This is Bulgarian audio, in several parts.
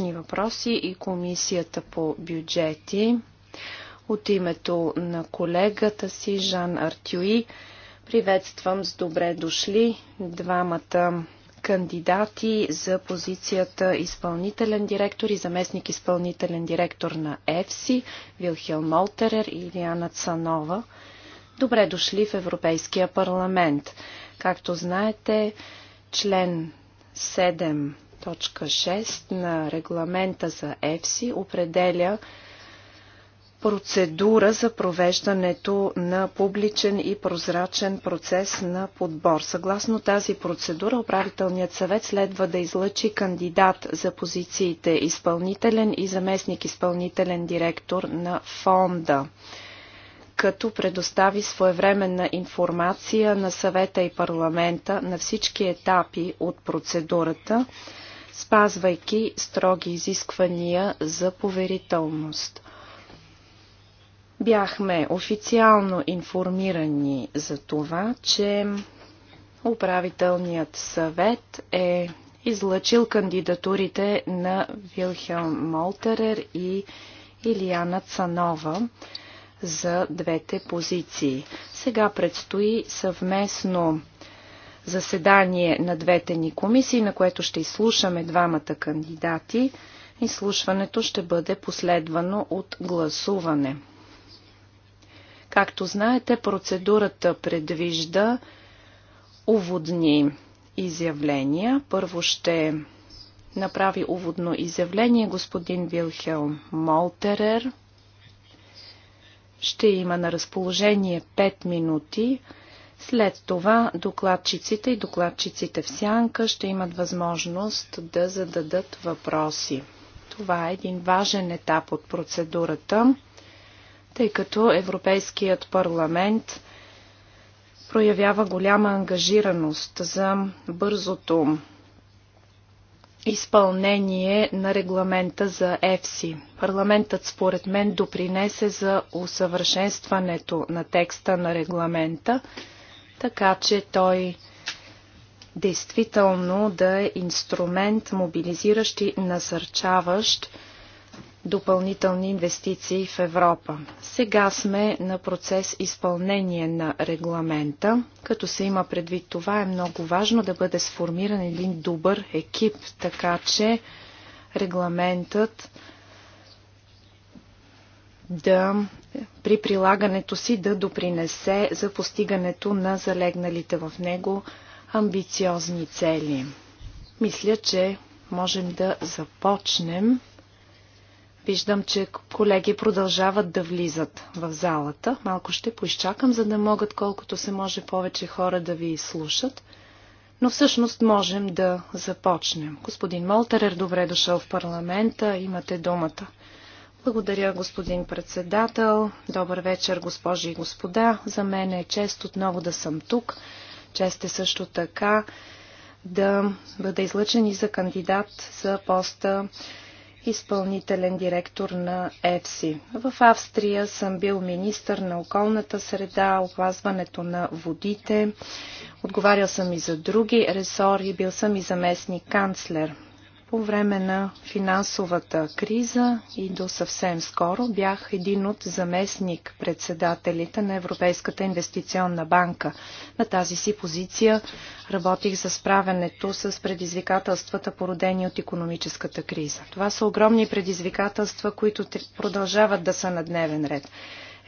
вътрешни въпроси и комисията по бюджети. От името на колегата си Жан Артюи приветствам с добре дошли двамата кандидати за позицията изпълнителен директор и заместник изпълнителен директор на ЕФСИ, Вилхел Молтерер и Илиана Цанова. Добре дошли в Европейския парламент. Както знаете, член 7 Точка 6 на регламента за ЕФСИ определя процедура за провеждането на публичен и прозрачен процес на подбор. Съгласно тази процедура, управителният съвет следва да излъчи кандидат за позициите изпълнителен и заместник изпълнителен директор на фонда като предостави своевременна информация на съвета и парламента на всички етапи от процедурата, спазвайки строги изисквания за поверителност. Бяхме официално информирани за това, че управителният съвет е излъчил кандидатурите на Вилхелм Молтерер и Илияна Цанова за двете позиции. Сега предстои съвместно заседание на двете ни комисии, на което ще изслушаме двамата кандидати. Изслушването ще бъде последвано от гласуване. Както знаете, процедурата предвижда уводни изявления. Първо ще направи уводно изявление господин Вилхелм Молтерер. Ще има на разположение 5 минути – след това докладчиците и докладчиците в сянка ще имат възможност да зададат въпроси. Това е един важен етап от процедурата, тъй като Европейският парламент проявява голяма ангажираност за бързото изпълнение на регламента за ЕФСИ. Парламентът според мен допринесе за усъвършенстването на текста на регламента, така че той действително да е инструмент, мобилизиращ и насърчаващ допълнителни инвестиции в Европа. Сега сме на процес изпълнение на регламента. Като се има предвид това, е много важно да бъде сформиран един добър екип, така че регламентът да при прилагането си да допринесе за постигането на залегналите в него амбициозни цели. Мисля, че можем да започнем. Виждам, че колеги продължават да влизат в залата. Малко ще поизчакам, за да могат колкото се може повече хора да ви слушат. Но всъщност можем да започнем. Господин Молтерер, добре дошъл в парламента. Имате думата. Благодаря, господин председател. Добър вечер, госпожи и господа. За мен е чест отново да съм тук. Чест е също така да бъда излъчен и за кандидат за поста изпълнителен директор на ЕФСИ. В Австрия съм бил министър на околната среда, опазването на водите. Отговарял съм и за други ресори, бил съм и заместник канцлер. По време на финансовата криза и до съвсем скоро бях един от заместник председателите на Европейската инвестиционна банка. На тази си позиция работих за справянето с предизвикателствата, породени от економическата криза. Това са огромни предизвикателства, които продължават да са на дневен ред.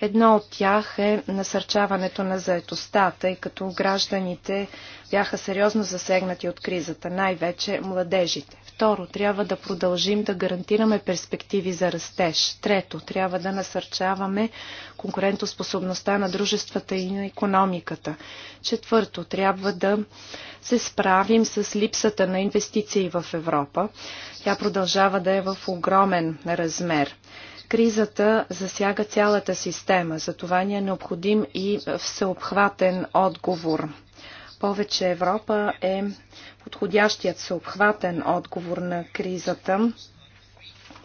Едно от тях е насърчаването на заетостта, тъй като гражданите бяха сериозно засегнати от кризата, най-вече младежите. Второ, трябва да продължим да гарантираме перспективи за растеж. Трето, трябва да насърчаваме конкурентоспособността на дружествата и на економиката. Четвърто, трябва да се справим с липсата на инвестиции в Европа. Тя продължава да е в огромен размер. Кризата засяга цялата система, затова ни е необходим и всеобхватен отговор. Повече Европа е подходящият всеобхватен отговор на кризата.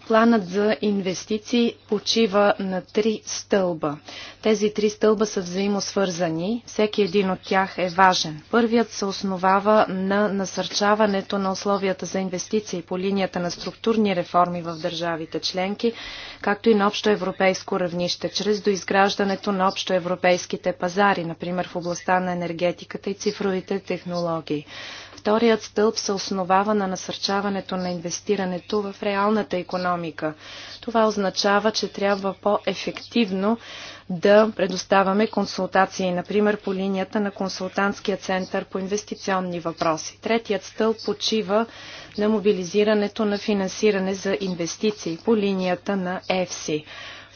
Планът за инвестиции почива на три стълба. Тези три стълба са взаимосвързани. Всеки един от тях е важен. Първият се основава на насърчаването на условията за инвестиции по линията на структурни реформи в държавите членки, както и на общо европейско равнище, чрез доизграждането на общо европейските пазари, например в областта на енергетиката и цифровите технологии. Вторият стълб се основава на насърчаването на инвестирането в реалната економика. Това означава, че трябва по-ефективно да предоставяме консултации, например по линията на консултантския център по инвестиционни въпроси. Третият стълб почива на мобилизирането на финансиране за инвестиции по линията на ЕФСИ.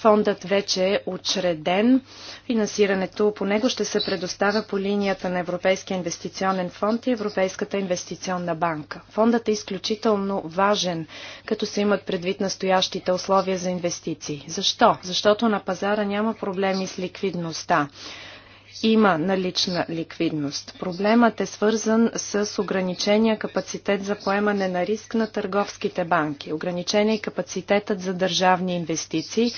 Фондът вече е учреден. Финансирането по него ще се предоставя по линията на Европейския инвестиционен фонд и Европейската инвестиционна банка. Фондът е изключително важен, като се имат предвид настоящите условия за инвестиции. Защо? Защото на пазара няма проблеми с ликвидността има налична ликвидност. Проблемът е свързан с ограничения капацитет за поемане на риск на търговските банки. Ограничения и капацитетът за държавни инвестиции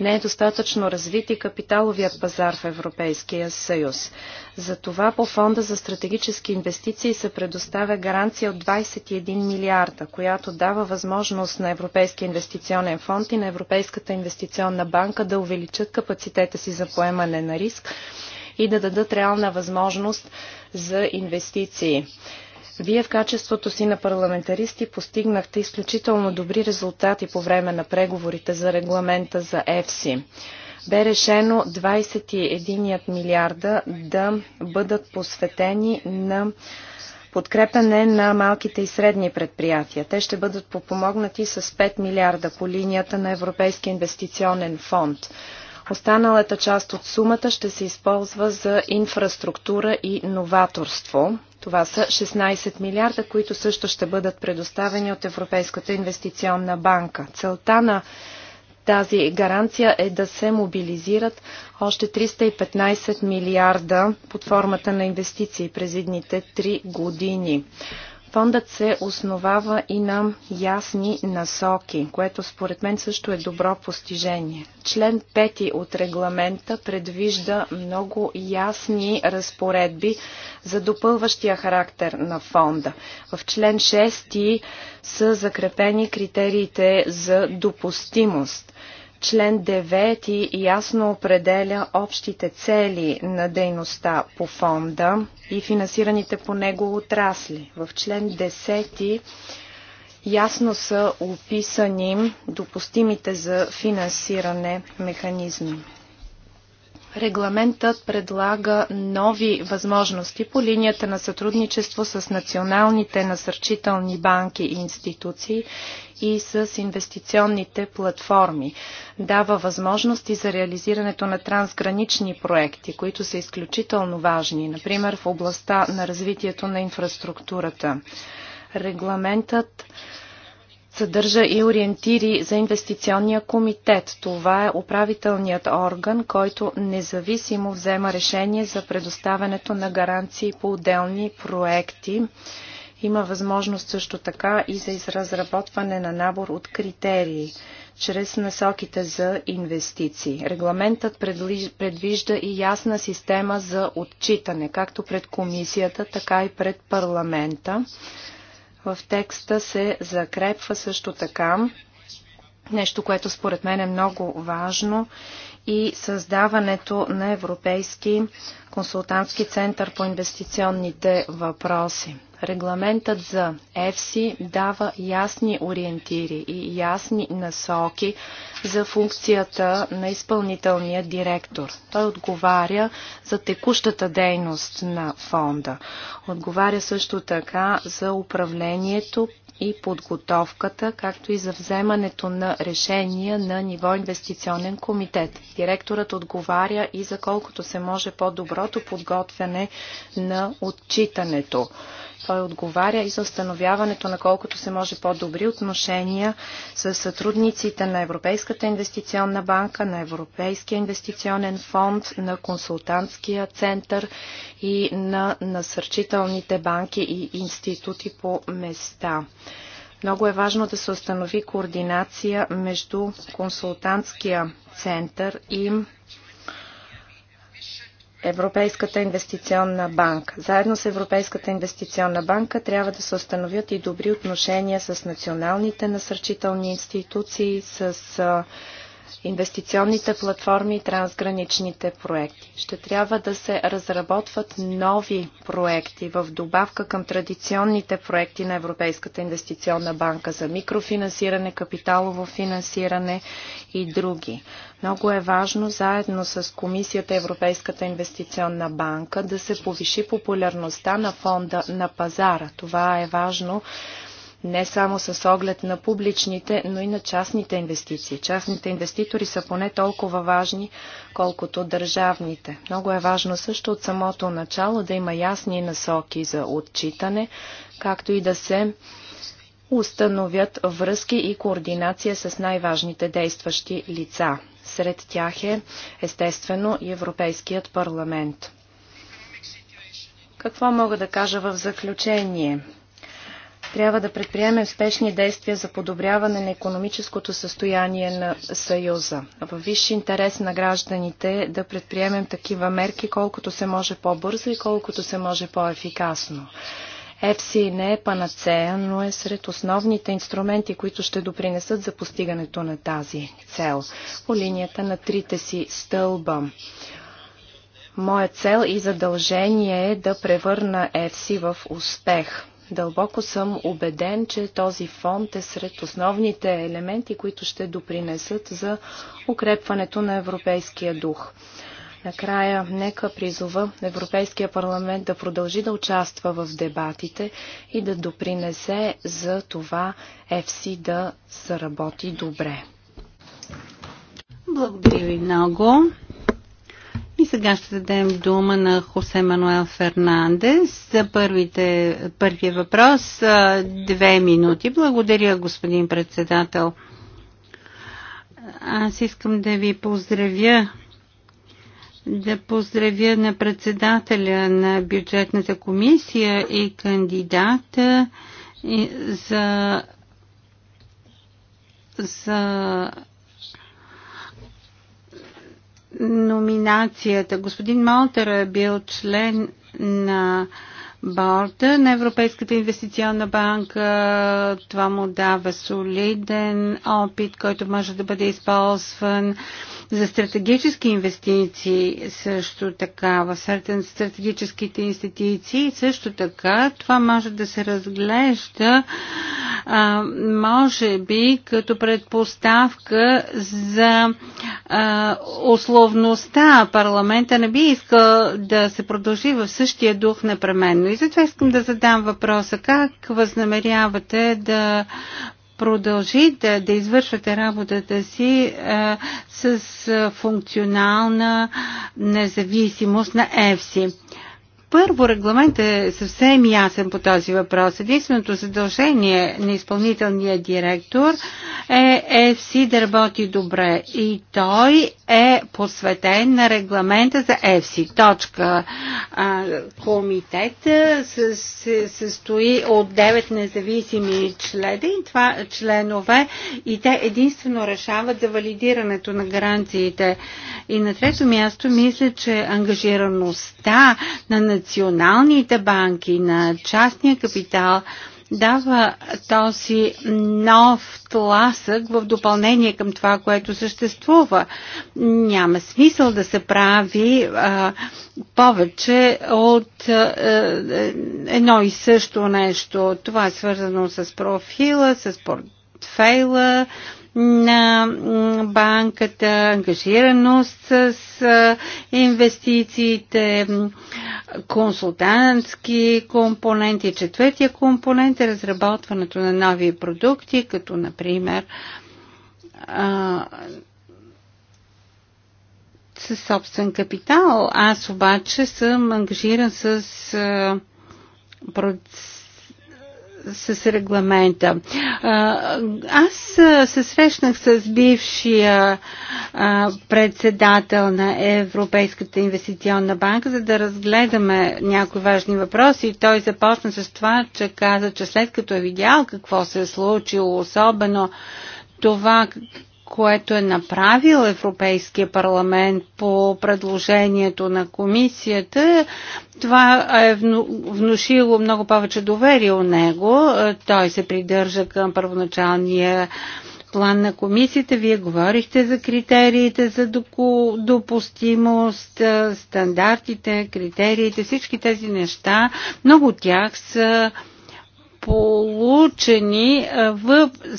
не е достатъчно развит и капиталовият пазар в Европейския съюз. Затова по фонда за стратегически инвестиции се предоставя гаранция от 21 милиарда, която дава възможност на Европейския инвестиционен фонд и на Европейската инвестиционна банка да увеличат капацитета си за поемане на риск и да дадат реална възможност за инвестиции. Вие в качеството си на парламентаристи постигнахте изключително добри резултати по време на преговорите за регламента за ЕФСИ. Бе решено 21 милиарда да бъдат посветени на подкрепане на малките и средни предприятия. Те ще бъдат подпомогнати с 5 милиарда по линията на Европейския инвестиционен фонд. Останалата част от сумата ще се използва за инфраструктура и новаторство. Това са 16 милиарда, които също ще бъдат предоставени от Европейската инвестиционна банка. Целта на тази гаранция е да се мобилизират още 315 милиарда под формата на инвестиции през едните 3 години. Фондът се основава и на ясни насоки, което според мен също е добро постижение. Член 5 от регламента предвижда много ясни разпоредби за допълващия характер на фонда. В член 6 са закрепени критериите за допустимост. Член 9 ясно определя общите цели на дейността по фонда и финансираните по него отрасли. В член 10 ясно са описани допустимите за финансиране механизми. Регламентът предлага нови възможности по линията на сътрудничество с националните насърчителни банки и институции и с инвестиционните платформи. Дава възможности за реализирането на трансгранични проекти, които са изключително важни, например в областта на развитието на инфраструктурата. Регламентът съдържа и ориентири за инвестиционния комитет. Това е управителният орган, който независимо взема решение за предоставянето на гаранции по отделни проекти. Има възможност също така и за разработване на набор от критерии чрез насоките за инвестиции. Регламентът предвижда и ясна система за отчитане, както пред комисията, така и пред парламента в текста се закрепва също така нещо, което според мен е много важно и създаването на Европейски консултантски център по инвестиционните въпроси. Регламентът за ЕФСИ дава ясни ориентири и ясни насоки за функцията на изпълнителния директор. Той отговаря за текущата дейност на фонда. Отговаря също така за управлението и подготовката, както и за вземането на решения на ниво инвестиционен комитет. Директорът отговаря и за колкото се може по-доброто подготвяне на отчитането. Той отговаря и за установяването на колкото се може по-добри отношения с сътрудниците на Европейската инвестиционна банка, на Европейския инвестиционен фонд, на консултантския център и на насърчителните банки и институти по места. Много е важно да се установи координация между консултантския център и Европейската инвестиционна банка. Заедно с Европейската инвестиционна банка трябва да се установят и добри отношения с националните насърчителни институции, с инвестиционните платформи и трансграничните проекти. Ще трябва да се разработват нови проекти в добавка към традиционните проекти на Европейската инвестиционна банка за микрофинансиране, капиталово финансиране и други. Много е важно заедно с Комисията Европейската инвестиционна банка да се повиши популярността на фонда на пазара. Това е важно не само с оглед на публичните, но и на частните инвестиции. Частните инвеститори са поне толкова важни, колкото държавните. Много е важно също от самото начало да има ясни насоки за отчитане, както и да се установят връзки и координация с най-важните действащи лица. Сред тях е естествено и Европейският парламент. Какво мога да кажа в заключение? Трябва да предприемем спешни действия за подобряване на економическото състояние на Съюза. В висши интерес на гражданите да предприемем такива мерки колкото се може по-бързо и колкото се може по-ефикасно. ЕФСИ не е панацея, но е сред основните инструменти, които ще допринесат за постигането на тази цел по линията на трите си стълба. Моя цел и задължение е да превърна ЕФСИ в успех. Дълбоко съм убеден, че този фонд е сред основните елементи, които ще допринесат за укрепването на европейския дух. Накрая, нека призова Европейския парламент да продължи да участва в дебатите и да допринесе за това ЕФСИ да заработи добре. Благодаря ви много. И сега ще дадем дума на Хосе Мануел Фернандес за първите, първия въпрос. Две минути. Благодаря, господин председател. Аз искам да ви поздравя да поздравя на председателя на бюджетната комисия и кандидата за, за номинацията. Господин Молтер е бил член на борда на Европейската инвестиционна банка. Това му дава солиден опит, който може да бъде използван за стратегически инвестиции също така в стратегическите институции. Също така това може да се разглежда а, може би като предпоставка за а, условността. Парламента не би искал да се продължи в същия дух непременно. И затова искам да задам въпроса как възнамерявате да продължите да извършвате работата си а, с функционална независимост на ЕФСИ. Първо, регламент е съвсем ясен по този въпрос. Единственото задължение на изпълнителния директор е EFC да работи добре и той е посветен на регламента за EFC. Точка. комитет се, състои от 9 независими члени. и това членове и те единствено решават за валидирането на гаранциите. И на трето място мисля, че ангажираността на националните банки, на частния капитал, дава този нов тласък в допълнение към това, което съществува. Няма смисъл да се прави а, повече от а, е, едно и също нещо. Това е свързано с профила, с портфейла, на банката, ангажираност с инвестициите, консултантски компоненти. Четвъртия компонент е разработването на нови продукти, като например със собствен капитал. Аз обаче съм ангажиран с с регламента. Аз се срещнах с бившия председател на Европейската инвестиционна банка, за да разгледаме някои важни въпроси той започна с това, че каза, че след като е видял какво се е случило, особено това което е направил Европейския парламент по предложението на комисията, това е внушило много повече доверие у него. Е, той се придържа към първоначалния план на комисията. Вие говорихте за критериите за допустимост, е, стандартите, критериите, всички тези неща. Много от тях са получени,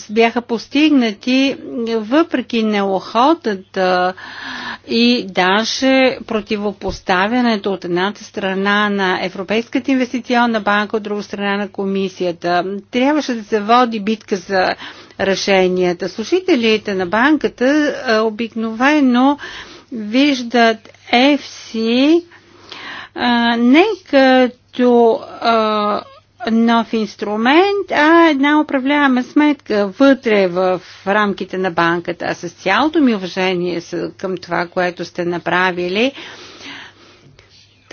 бяха постигнати въпреки неохотата и даже противопоставянето от едната страна на Европейската инвестиционна банка, от друга страна на комисията. Трябваше да се води битка за решенията. Служителите на банката обикновено виждат ЕФСИ не като а, нов инструмент, а една управляема сметка вътре в рамките на банката. А с цялото ми уважение към това, което сте направили,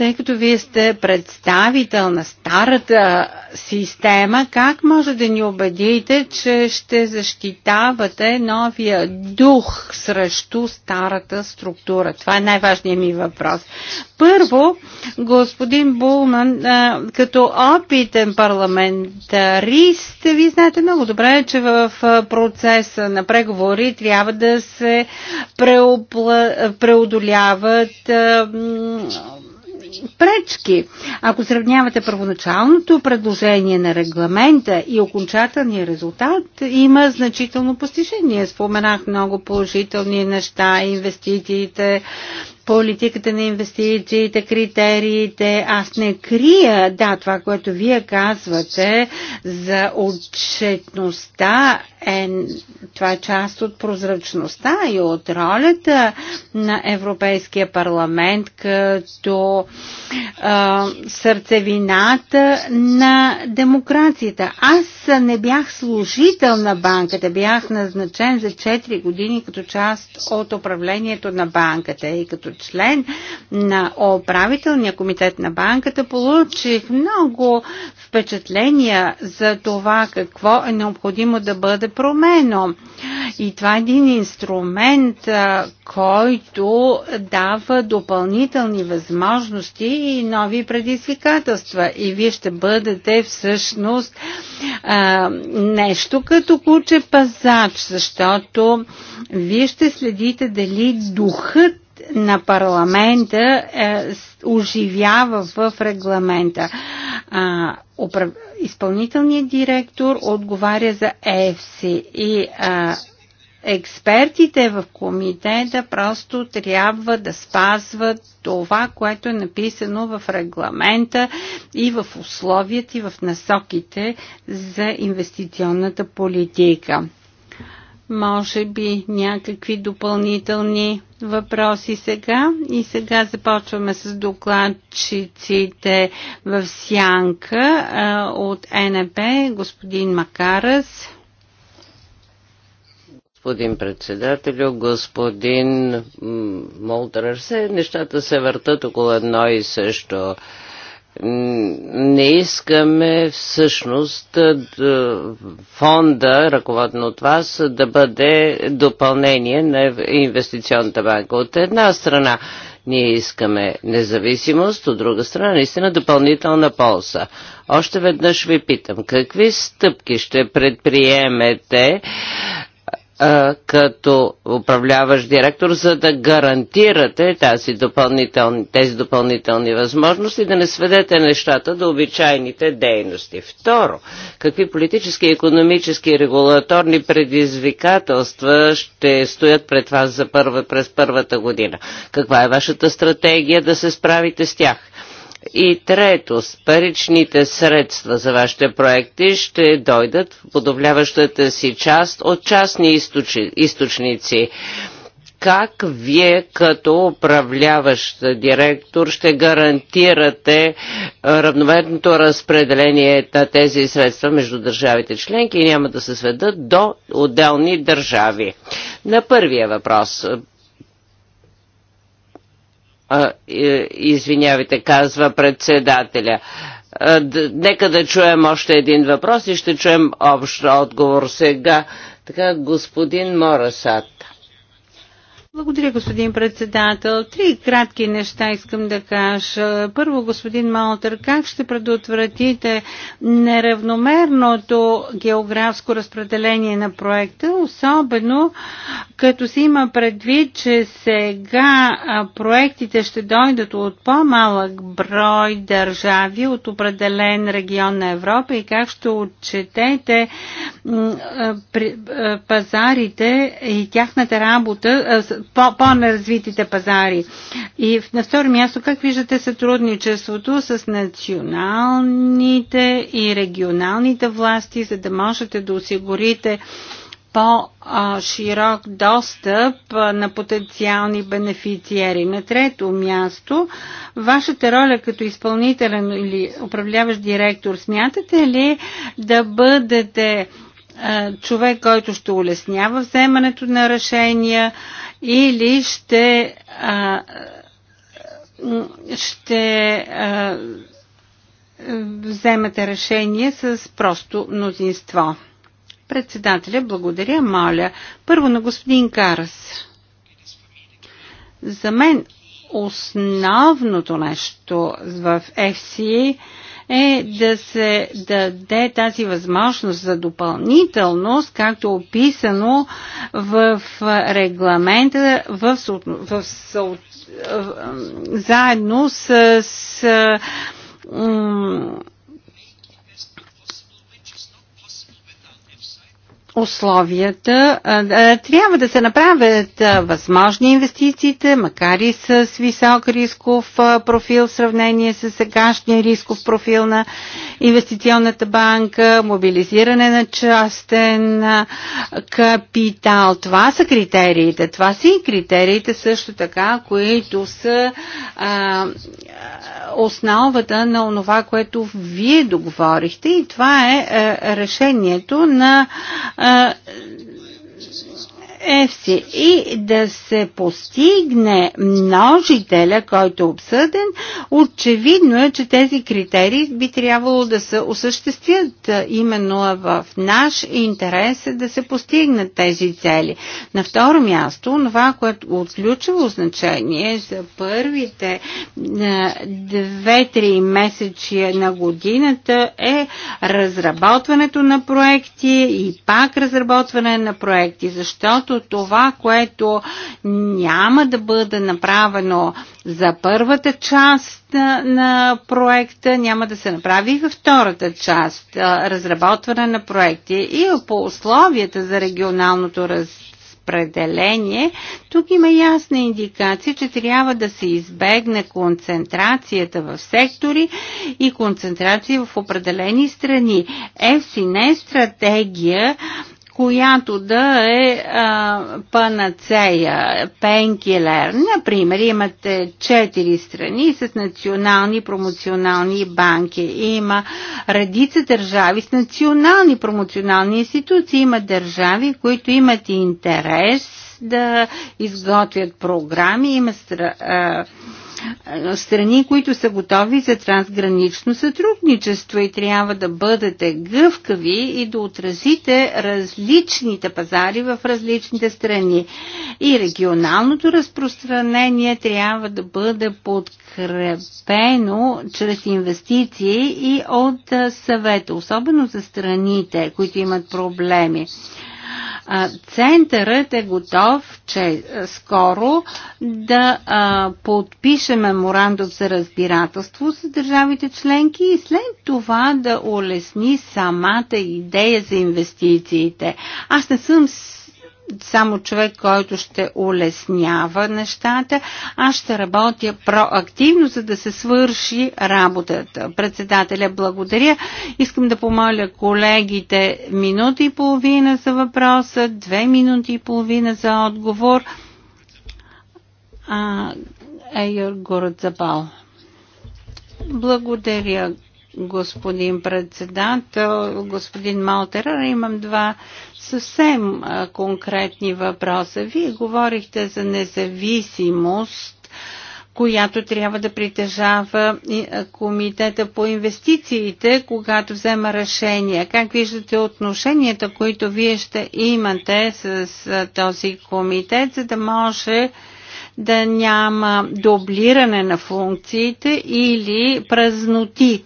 тъй като вие сте представител на старата система, как може да ни убедите, че ще защитавате новия дух срещу старата структура? Това е най-важният ми въпрос. Първо, господин Булман, като опитен парламентарист, вие знаете много добре, че в процеса на преговори трябва да се преодоляват пречки. Ако сравнявате първоначалното предложение на регламента и окончателния резултат, има значително постижение. Споменах много положителни неща, инвестициите, политиката на инвестициите, критериите. Аз не крия, да, това, което вие казвате за отчетността е, това е част от прозрачността и от ролята на Европейския парламент като е, сърцевината на демокрацията. Аз не бях служител на банката, бях назначен за 4 години като част от управлението на банката и като член на управителния комитет на банката получих много впечатления за това какво е необходимо да бъде промено. И това е един инструмент, който дава допълнителни възможности и нови предизвикателства. И вие ще бъдете всъщност а, нещо като куче пазач, защото вие ще следите дали духът на парламента е, оживява в регламента. А, упра... Изпълнителният директор отговаря за ЕФСИ и а, експертите в комитета просто трябва да спазват това, което е написано в регламента и в условията и в насоките за инвестиционната политика може би някакви допълнителни въпроси сега. И сега започваме с докладчиците в Сянка от НП, господин Макарас. Господин председателю, господин Молдърър, нещата се въртат около едно и също не искаме всъщност фонда, ръководен от вас, да бъде допълнение на инвестиционната банка. От една страна ние искаме независимост, от друга страна наистина допълнителна полза. Още веднъж ви питам, какви стъпки ще предприемете като управляващ директор, за да гарантирате тази допълнителни, тези допълнителни възможности, да не сведете нещата до обичайните дейности. Второ, какви политически, економически и регулаторни предизвикателства ще стоят пред вас за първа, през първата година? Каква е вашата стратегия да се справите с тях? И трето, с паричните средства за вашите проекти ще дойдат в подобляващата си част от частни източници как вие като управляващ директор ще гарантирате е, равномерното разпределение на тези средства между държавите членки и няма да се сведат до отделни държави? На първия въпрос е, извинявайте, казва председателя. Нека да чуем още един въпрос и ще чуем общ отговор сега. Така, господин Морасат. Благодаря, господин председател. Три кратки неща искам да кажа. Първо, господин Малтер, как ще предотвратите неравномерното географско разпределение на проекта, особено като се има предвид, че сега проектите ще дойдат от по-малък брой държави от определен регион на Европа и как ще отчетете пазарите и тяхната работа, по-неразвитите пазари. И на второ място, как виждате сътрудничеството с националните и регионалните власти, за да можете да осигурите по-широк достъп на потенциални бенефициери. На трето място, вашата роля като изпълнителен или управляващ директор, смятате ли да бъдете човек, който ще улеснява вземането на решения или ще, а, ще а, вземете решение с просто мнозинство. Председателя, благодаря, моля. Първо на господин Карас. За мен основното нещо в FCA е да се даде тази възможност за допълнителност, както описано в регламента в, в, в, заедно с, с условията. Трябва да се направят възможни инвестициите, макар и с висок рисков профил в сравнение с сегашния рисков профил на инвестиционната банка, мобилизиране на частен капитал. Това са критериите. Това са и критериите също така, които са основата на онова, което вие договорихте и това е, е решението на е, ЕФСИ и да се постигне множителя, който е обсъден, очевидно е, че тези критерии би трябвало да се осъществят. Именно в наш интерес е да се постигнат тези цели. На второ място, това, което е от ключово значение за първите 2-3 месечи на годината е разработването на проекти и пак разработване на проекти, защото защото това, което няма да бъде направено за първата част на, проекта, няма да се направи и във втората част разработване на проекти и по условията за регионалното развитие разпределение, тук има ясна индикация, че трябва да се избегне концентрацията в сектори и концентрация в определени страни. ЕФСИ не е стратегия която да е а, панацея, пенкилер. Например, имате четири страни с национални промоционални банки. Има редица държави с национални промоционални институции. Има държави, които имат интерес да изготвят програми. Има стра, а, е, страни, които са готови за трансгранично сътрудничество и трябва да бъдете гъвкави и да отразите различните пазари в различните страни. И регионалното разпространение трябва да бъде подкрепено чрез инвестиции и от е, съвета, особено за страните, които имат проблеми. Центърът е готов, че е, скоро да подпише меморандум за разбирателство с държавите членки и след това да улесни самата идея за инвестициите. Аз не съм само човек, който ще улеснява нещата, аз ще работя проактивно, за да се свърши работата. Председателя, благодаря. Искам да помоля колегите минута и половина за въпроса, две минути и половина за отговор. Ейор Город Забал. Благодаря, господин председател, господин Малтерър. Имам два съвсем конкретни въпроса. Вие говорихте за независимост която трябва да притежава Комитета по инвестициите, когато взема решения. Как виждате отношенията, които вие ще имате с този комитет, за да може да няма дублиране на функциите или празноти?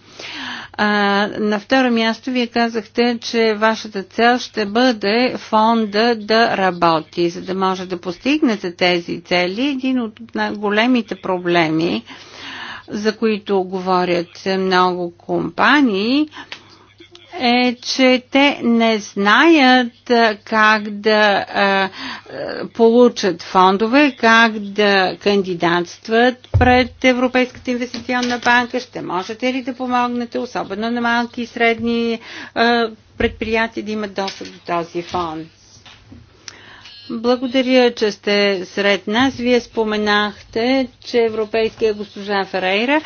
А, на второ място, вие казахте, че вашата цел ще бъде фонда да работи. За да може да постигнете тези цели, един от големите проблеми, за които говорят много компании, е, че те не знаят как да а, получат фондове, как да кандидатстват пред Европейската инвестиционна банка. Ще можете ли да помогнете, особено на малки и средни а, предприятия, да имат достъп до този фонд? Благодаря, че сте сред нас. Вие споменахте, че европейския госпожа Ферейра,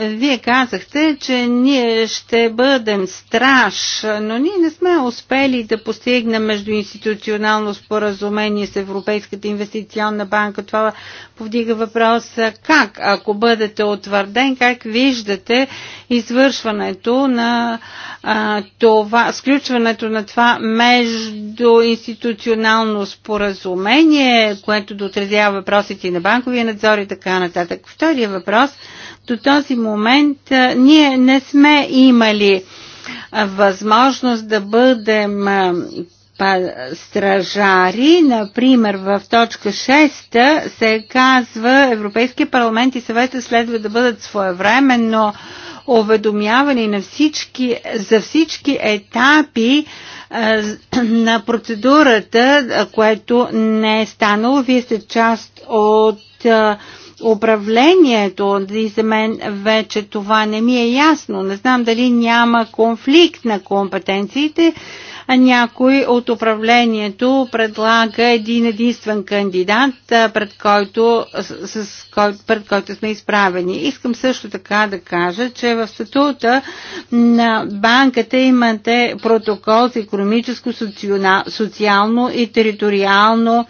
е, вие казахте, че ние ще бъдем страж, но ние не сме успели да постигнем междуинституционално споразумение с Европейската инвестиционна банка. Това повдига въпроса как, ако бъдете утвърден, как виждате извършването на а, това, сключването на това между институционално споразумение, което дотрезява въпросите и на банковия надзор и така нататък. Втория въпрос. До този момент а, ние не сме имали възможност да бъдем стражари. Например, в точка 6 се казва Европейския парламент и съвета следва да бъдат своевременно уведомявани на всички, за всички етапи а, на процедурата, което не е станало. Вие сте част от а, управлението и за мен вече това не ми е ясно. Не знам дали няма конфликт на компетенциите някой от управлението предлага един единствен кандидат, пред който, с, с, пред който сме изправени. Искам също така да кажа, че в статута на банката имате протокол за економическо, социално и териториално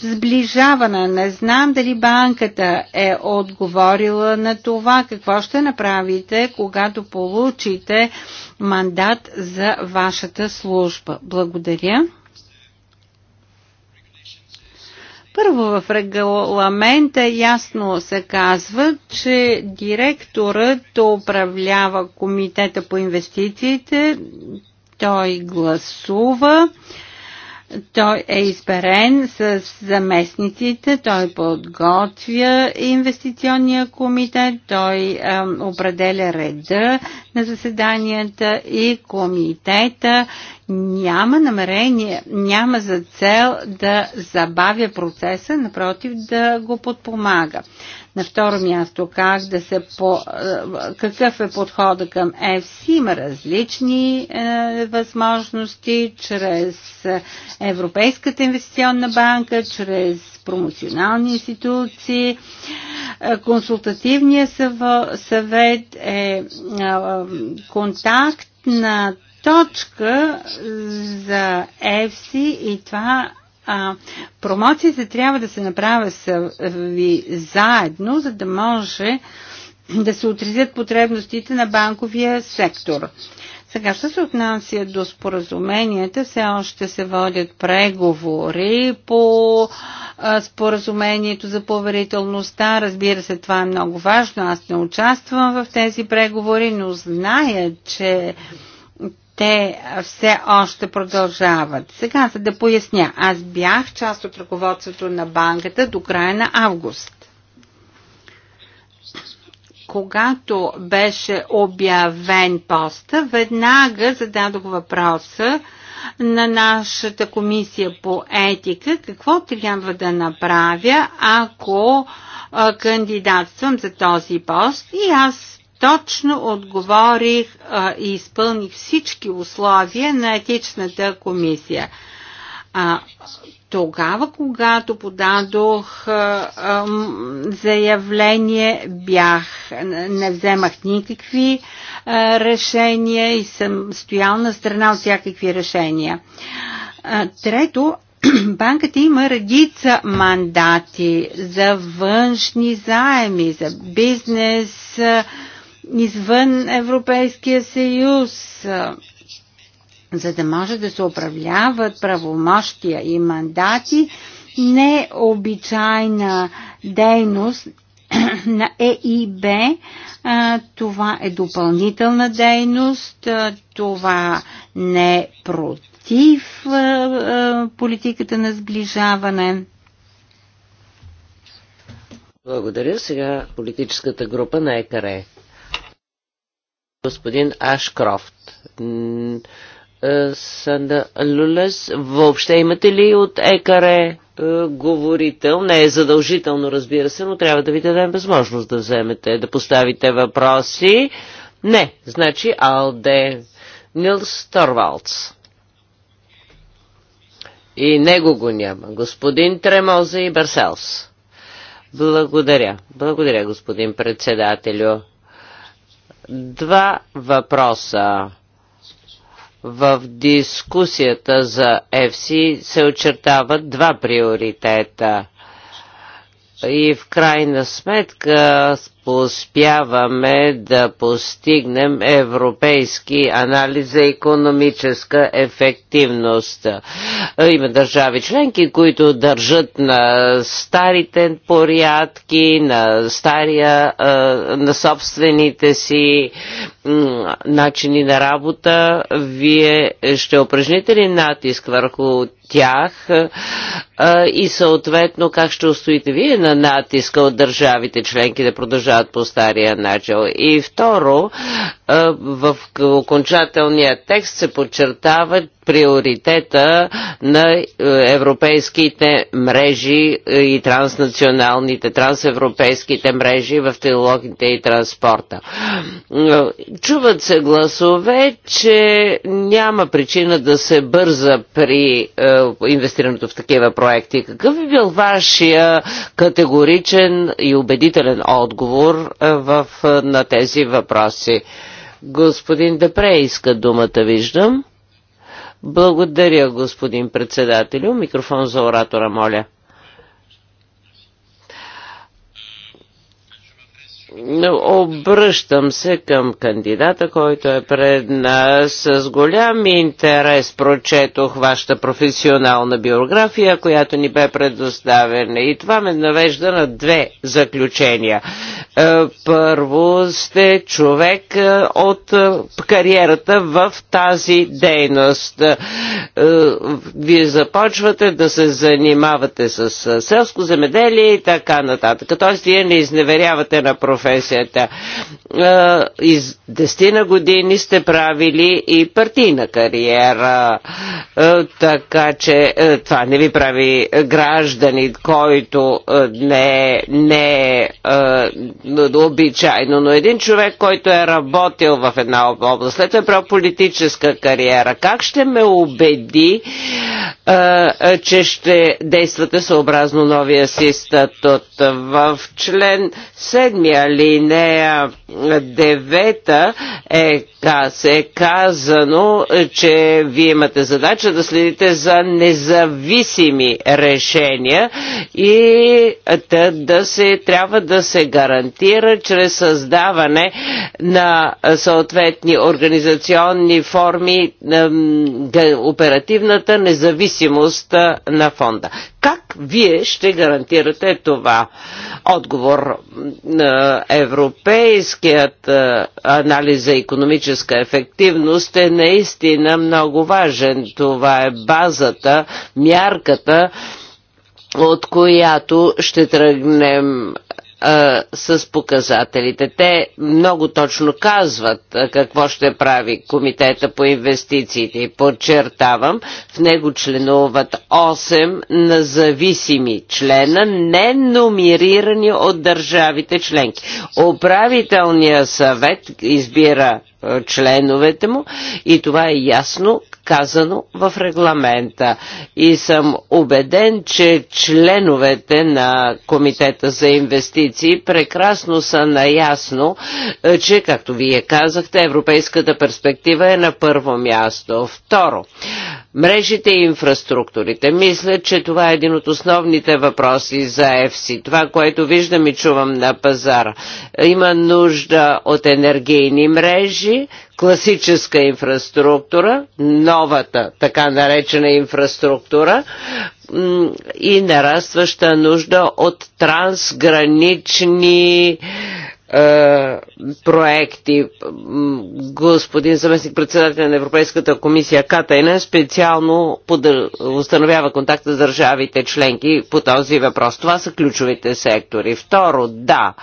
сближаване. Не знам дали банката е отговорила на това, какво ще направите, когато получите мандат за вашата служба. Благодаря. Първо в регламента ясно се казва, че директорът управлява комитета по инвестициите, той гласува той е изберен с заместниците, той подготвя инвестиционния комитет, той е, определя реда на заседанията и комитета няма намерение, няма за цел да забавя процеса, напротив да го подпомага. На второ място, как да се по, е, какъв е подхода към FC? Има различни е, възможности чрез Европейската инвестиционна банка, чрез промоционални институции. Е, консултативният съвет е, е контакт на точка за FC и това а, промоцията трябва да се направя с, ви заедно, за да може да се отрезят потребностите на банковия сектор. Сега, що се отнася до споразуменията, все още се водят преговори по споразумението за поверителността. Разбира се, това е много важно. Аз не участвам в тези преговори, но зная, че те все още продължават. Сега, за да поясня, аз бях част от ръководството на банката до края на август. Когато беше обявен поста, веднага зададох въпроса на нашата комисия по етика какво трябва да направя, ако кандидатствам за този пост и аз точно отговорих а, и изпълних всички условия на етичната комисия. А, тогава, когато подадох а, а, заявление, бях, не вземах никакви а, решения и съм стоял на страна от всякакви решения. А, трето, банката има редица мандати за външни заеми, за бизнес. А, извън Европейския съюз, за да може да се управляват правомощия и мандати, необичайна дейност на ЕИБ. Това е допълнителна дейност, това не е против политиката на сближаване. Благодаря. Сега политическата група на ЕКАРЕ господин Ашкрофт. Е, Санда Люлес, въобще имате ли от ЕКАРЕ е, говорител? Не е задължително, разбира се, но трябва да ви дадем възможност да вземете, да поставите въпроси. Не, значи Алде Нилс Торвалц. И него го няма. Господин Тремоза и Барселс. Благодаря. Благодаря, господин председателю. Два въпроса. В дискусията за ЕФСИ се очертават два приоритета. И в крайна сметка успяваме да постигнем европейски анализ за економическа ефективност. Има държави членки, които държат на старите порядки, на стария, на собствените си начини на работа. Вие ще упражните ли натиск върху тях и съответно как ще устоите вие на натиска от държавите членки да продължават продължават по стария начин. И второ, е, в окончателния текст се подчертава приоритета на е, европейските мрежи е, и транснационалните, трансевропейските мрежи в технологите и транспорта. Чуват се гласове, че няма причина да се бърза при инвестирането в такива проекти. Какъв би бил вашия категоричен и убедителен отговор отговор в, на тези въпроси. Господин Депре иска думата, виждам. Благодаря, господин председателю. Микрофон за оратора, моля. Обръщам се към кандидата, който е пред нас. С голям интерес прочетох вашата професионална биография, която ни бе предоставена. И това ме навежда на две заключения. Е, първо сте човек е, от е, кариерата в тази дейност. Вие започвате да се занимавате с селско земеделие и така нататък. Тоест, вие не изневерявате на професионалната професията. Из десетина години сте правили и партийна кариера, така че това не ви прави гражданин, който не, не е обичайно, но един човек, който е работил в една област, след това е правил политическа кариера, как ще ме убеди, че ще действате съобразно новия си статут? В член 7 алинея 9 е, е казано, че вие имате задача да следите за независими решения и да, да се, трябва да се гарантира чрез създаване на съответни организационни форми на оперативната независимост на фонда. Как вие ще гарантирате това? Отговор на европейският анализ за економическа ефективност е наистина много важен. Това е базата, мярката, от която ще тръгнем а, с показателите. Те много точно казват а, какво ще прави Комитета по инвестициите и подчертавам, в него членуват 8 независими члена, не номерирани от държавите членки. Управителният съвет избира членовете му и това е ясно казано в регламента. И съм убеден, че членовете на Комитета за инвестиции прекрасно са наясно, е, че, както вие казахте, европейската перспектива е на първо място. Второ, мрежите и инфраструктурите. Мисля, че това е един от основните въпроси за ЕФСИ. Това, което виждам и чувам на пазара. Има нужда от енергийни мрежи, класическа инфраструктура, новата така наречена инфраструктура и нарастваща нужда от трансгранични е, проекти. Господин заместник председател на Европейската комисия Катайна специално установява контакт с държавите членки по този въпрос. Това са ключовите сектори. Второ, да.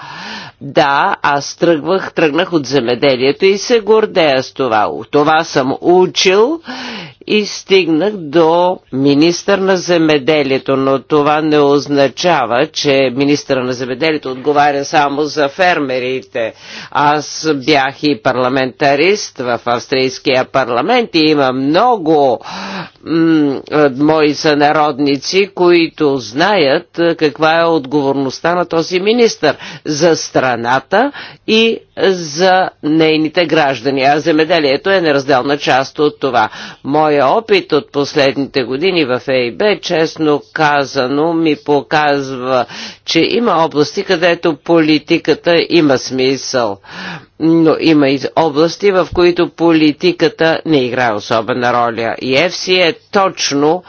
Да, аз тръгвах, тръгнах от земеделието и се гордея с това. Това съм учил и стигнах до министър на земеделието, но това не означава, че министър на земеделието отговаря само за ферме камерите. Аз бях и парламентарист в австрийския парламент и има много мои сънародници, които знаят каква е отговорността на този министр за страната и за нейните граждани, а земеделието е неразделна част от това. Моя опит от последните години в ЕИБ, честно казано, ми показва, че има области, където политиката има смисъл но има и области, в които политиката не играе особена роля. И ЕФСИ е точно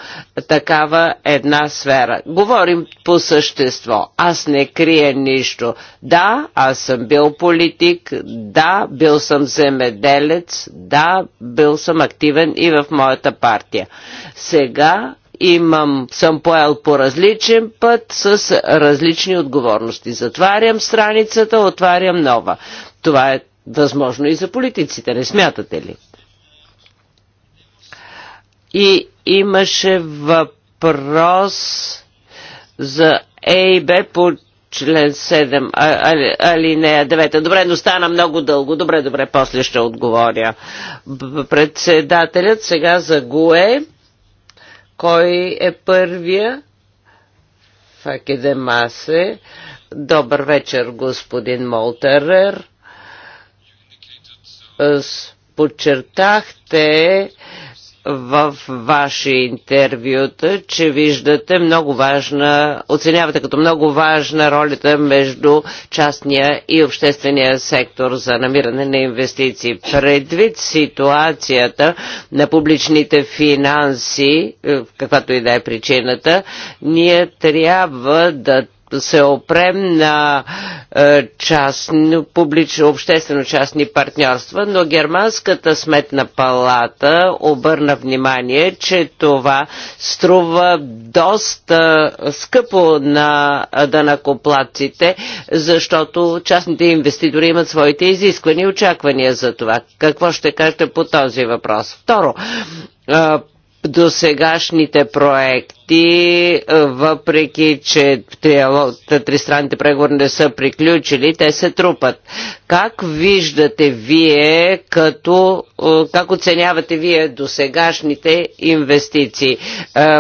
такава една сфера. Говорим по същество. Аз не крия нищо. Да, аз съм бил политик, да, бил съм земеделец, да, бил съм активен и в моята партия. Сега имам, съм поел по различен път с различни отговорности. Затварям страницата, отварям нова. Това е възможно и за политиците, не смятате ли? И имаше въпрос за ЕИБ по член 7, али, алинея 9. Добре, но стана много дълго. Добре, добре, после ще отговоря. Председателят сега за ГУЕ. Кой е първия? Факедемасе. Добър вечер, господин Молтерер подчертахте в ваши интервюта, че виждате много важна, оценявате като много важна ролята между частния и обществения сектор за намиране на инвестиции. Предвид ситуацията на публичните финанси, е, каквато и да е причината, ние трябва да се опрем на е, частни, публично, обществено-частни партньорства, но Германската сметна палата обърна внимание, че това струва доста скъпо на данакоплаците, защото частните инвеститори имат своите изисквания и очаквания за това. Какво ще кажете по този въпрос? Второ, е, до сегашните проекти ти, е, въпреки че тристранните преговори не са приключили, те се трупат. Как виждате вие, като, е, как оценявате вие досегашните инвестиции? Е,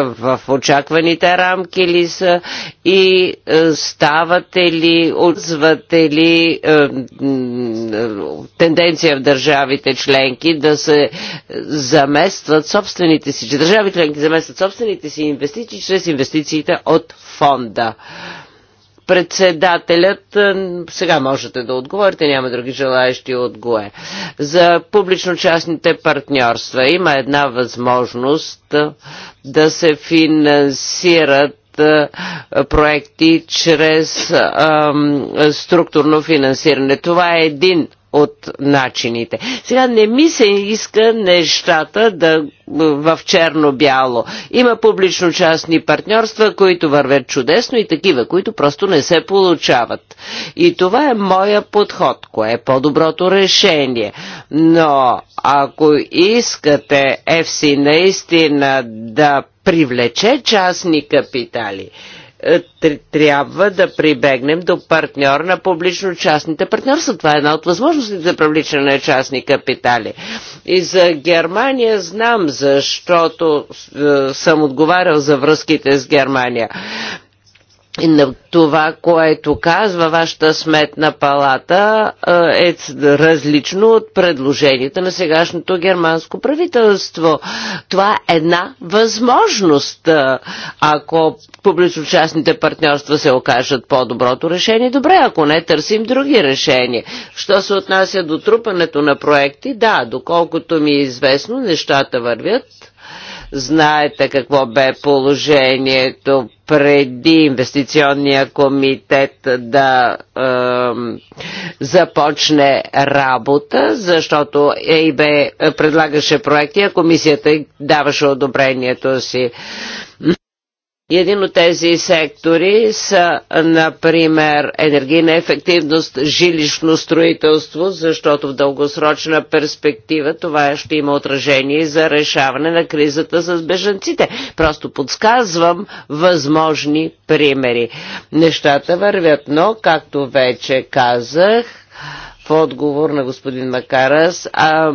в очакваните рамки ли са и ставате ли, отзвате ли тенденция в държавите членки да се заместват собствените си, че държавите членки заместват собствените си инвестиции инвестиции чрез инвестициите от фонда. Председателят, е, сега можете да отговорите, няма други желаящи от ГОЕ. За публично-частните партньорства има една възможност е, да се финансират е, проекти чрез ам, структурно финансиране. Това е един от начините. Сега не ми се иска нещата да в черно-бяло. Има публично-частни партньорства, които вървят чудесно и такива, които просто не се получават. И това е моя подход, кое е по-доброто решение. Но ако искате FC наистина да привлече частни капитали, е, трябва да прибегнем до партньор на публично-частните партньорства. Това е една от възможностите за привличане на частни капитали. И за Германия знам, защото е, съм отговарял за връзките с Германия на това, което казва вашата сметна палата е, е различно от предложенията на сегашното германско правителство. Това е една възможност. Ако публично-частните партньорства се окажат по-доброто решение, добре, ако не, търсим други решения. Що се отнася до трупането на проекти, да, доколкото ми е известно, нещата вървят Знаете какво бе положението преди инвестиционния комитет да е, започне работа, защото ЕИБ предлагаше проекти, а комисията даваше одобрението си. Един от тези сектори са, например, енергийна ефективност, жилищно строителство, защото в дългосрочна перспектива това ще има отражение за решаване на кризата с бежанците. Просто подсказвам възможни примери. Нещата вървят, но, както вече казах, в отговор на господин Макарас. А,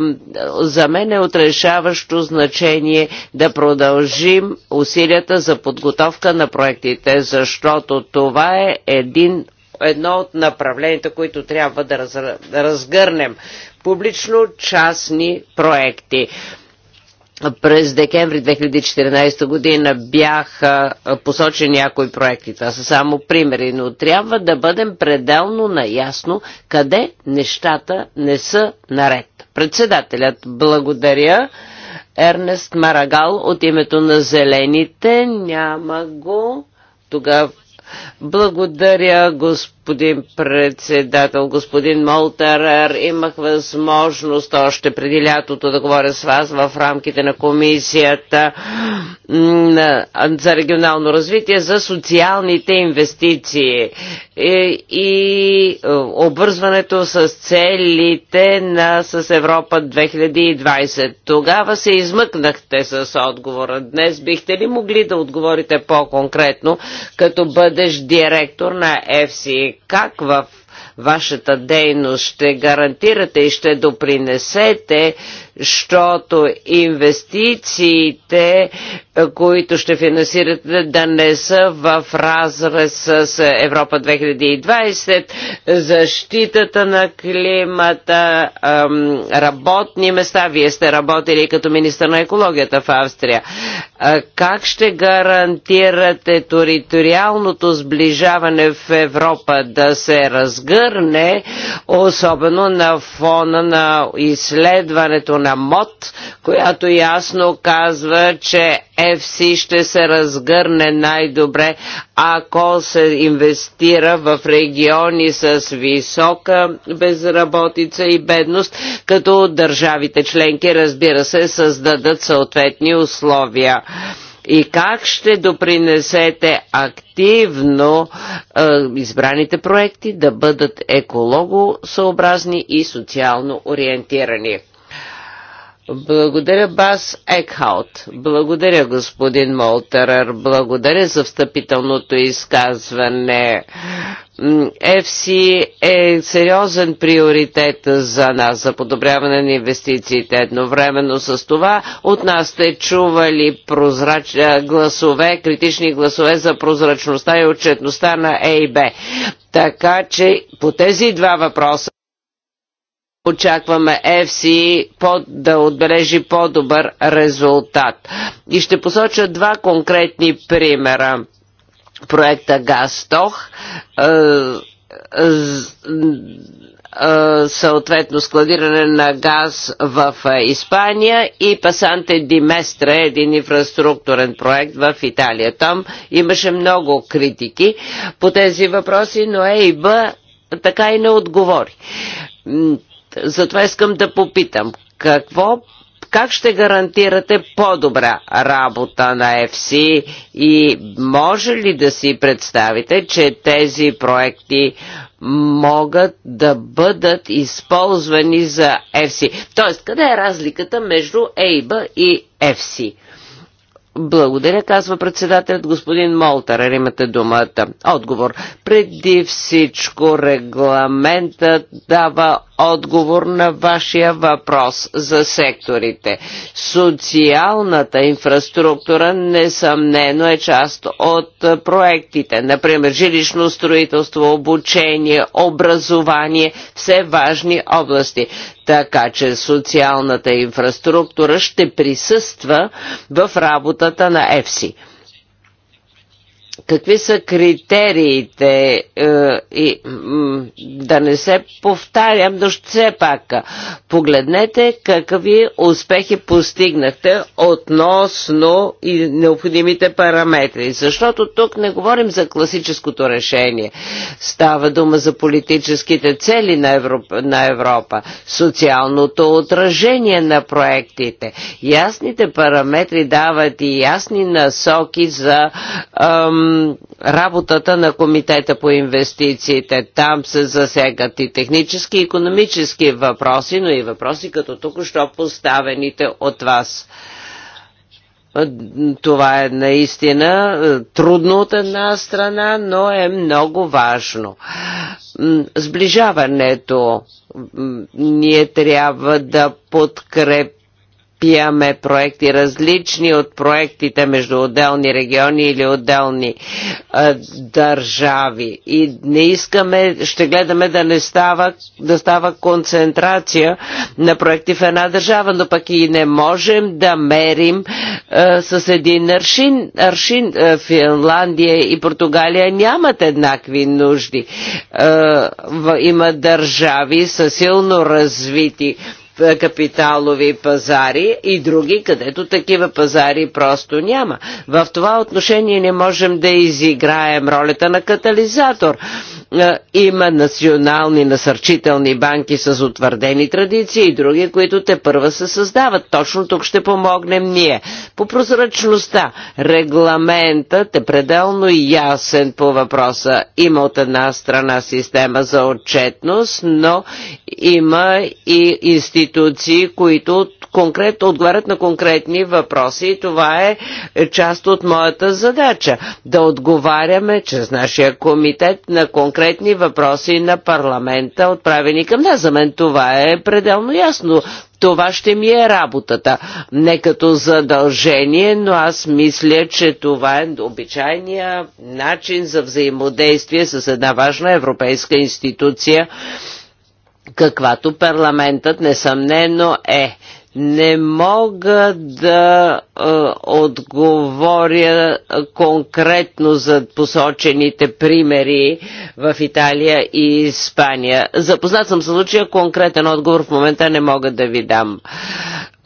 за мен е отрешаващо значение да продължим усилията за подготовка на проектите, защото това е един едно от направленията, които трябва да разгърнем публично-частни проекти през декември 2014 година бяха посочени някои проекти. Това са само примери, но трябва да бъдем пределно наясно къде нещата не са наред. Председателят благодаря. Ернест Марагал от името на Зелените няма го. Тогава благодаря, господин господин председател, господин Молтерер, Имах възможност още преди лятото да говоря с вас в рамките на комисията за регионално развитие за социалните инвестиции и е, обвързването с целите на, с Европа 2020. Тогава се измъкнахте с отговора. Днес бихте ли могли да отговорите по-конкретно, като бъдеш директор на ЕФСИ? как в вашата дейност ще гарантирате и ще допринесете защото инвестициите, е, които ще финансират да не са в разрез с Европа 2020, защитата на климата, работни места. Вие сте работили като министър на екологията в Австрия. Как ще гарантирате териториалното сближаване в Европа да се разгърне, особено на фона на изследването на МОД, която ясно казва, че FC ще се разгърне най-добре, ако се инвестира в региони с висока безработица и бедност, като държавите членки, разбира се, създадат съответни условия и как ще допринесете активно е, избраните проекти да бъдат екологосъобразни и социално ориентирани. Благодаря, Бас Екхаут. Благодаря, господин Молтерър. Благодаря за встъпителното изказване. FC е сериозен приоритет за нас за подобряване на инвестициите. Едновременно с това от нас сте чували прозрач... гласове, критични гласове за прозрачността и отчетността на ЕИБ. Така че по тези два въпроса очакваме ЕФСИ под, да отбележи по-добър резултат. И ще посоча два конкретни примера. Проекта Гастох е, е, е, съответно складиране на газ в Испания и Пасанте Диместре, един инфраструктурен проект в Италия. Там имаше много критики по тези въпроси, но ЕИБ така и не отговори. Затова искам да попитам, какво как ще гарантирате по-добра работа на FC и може ли да си представите, че тези проекти могат да бъдат използвани за FC? Тоест, къде е разликата между EIBA и FC? Благодаря, казва председателят господин Молтер. Имате думата. Отговор. Преди всичко регламентът дава отговор на вашия въпрос за секторите. Социалната инфраструктура несъмнено е част от проектите, например жилищно строителство, обучение, образование, все важни области. Така че социалната инфраструктура ще присъства в работата на ЕФСИ. Какви са критериите е, и да не се повтарям, но все пак погледнете какви успехи постигнахте относно и необходимите параметри. Защото тук не говорим за класическото решение. Става дума за политическите цели на Европа, на Европа социалното отражение на проектите. Ясните параметри дават и ясни насоки за ам, работата на Комитета по инвестициите. Там се засегат и технически, и економически въпроси, но и въпроси като току-що поставените от вас. Това е наистина трудно от една страна, но е много важно. Сближаването ние трябва да подкрепим подкрепяме проекти различни от проектите между отделни региони или отделни а, е, държави. И не искаме, ще гледаме да не става, да става концентрация на проекти в една държава, но пък и не можем да мерим а, е, с един аршин. аршин а, е, Финландия и Португалия нямат еднакви нужди. А, в, има държави са силно развити капиталови пазари и други, където такива пазари просто няма. В това отношение не можем да изиграем ролята на катализатор. Е, има национални насърчителни банки с утвърдени традиции и други, които те първа се създават. Точно тук ще помогнем ние. По прозрачността, регламентът е пределно ясен по въпроса. Има от една страна система за отчетност, но има и институции, които конкретно отговарят на конкретни въпроси и това е част от моята задача. Да отговаряме чрез нашия комитет на конкретни въпроси на парламента, отправени към нас. За мен това е пределно ясно. Това ще ми е работата. Не като задължение, но аз мисля, че това е обичайния начин за взаимодействие с една важна европейска институция, каквато парламентът несъмнено е. Не мога да а, е, отговоря конкретно за посочените примери в Италия и Испания. Запознат съм случая, конкретен отговор в момента не мога да ви дам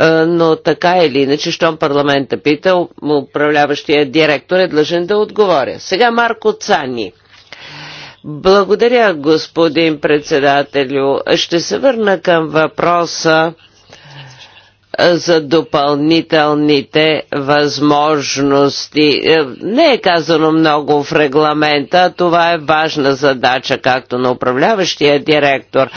е, но така или иначе, щом парламента пита, управляващия директор е длъжен да отговоря. Сега Марко Цани. Благодаря, господин председателю. Ще се върна към въпроса за допълнителните възможности. Е, не е казано много в регламента, това е важна задача както на управляващия директор,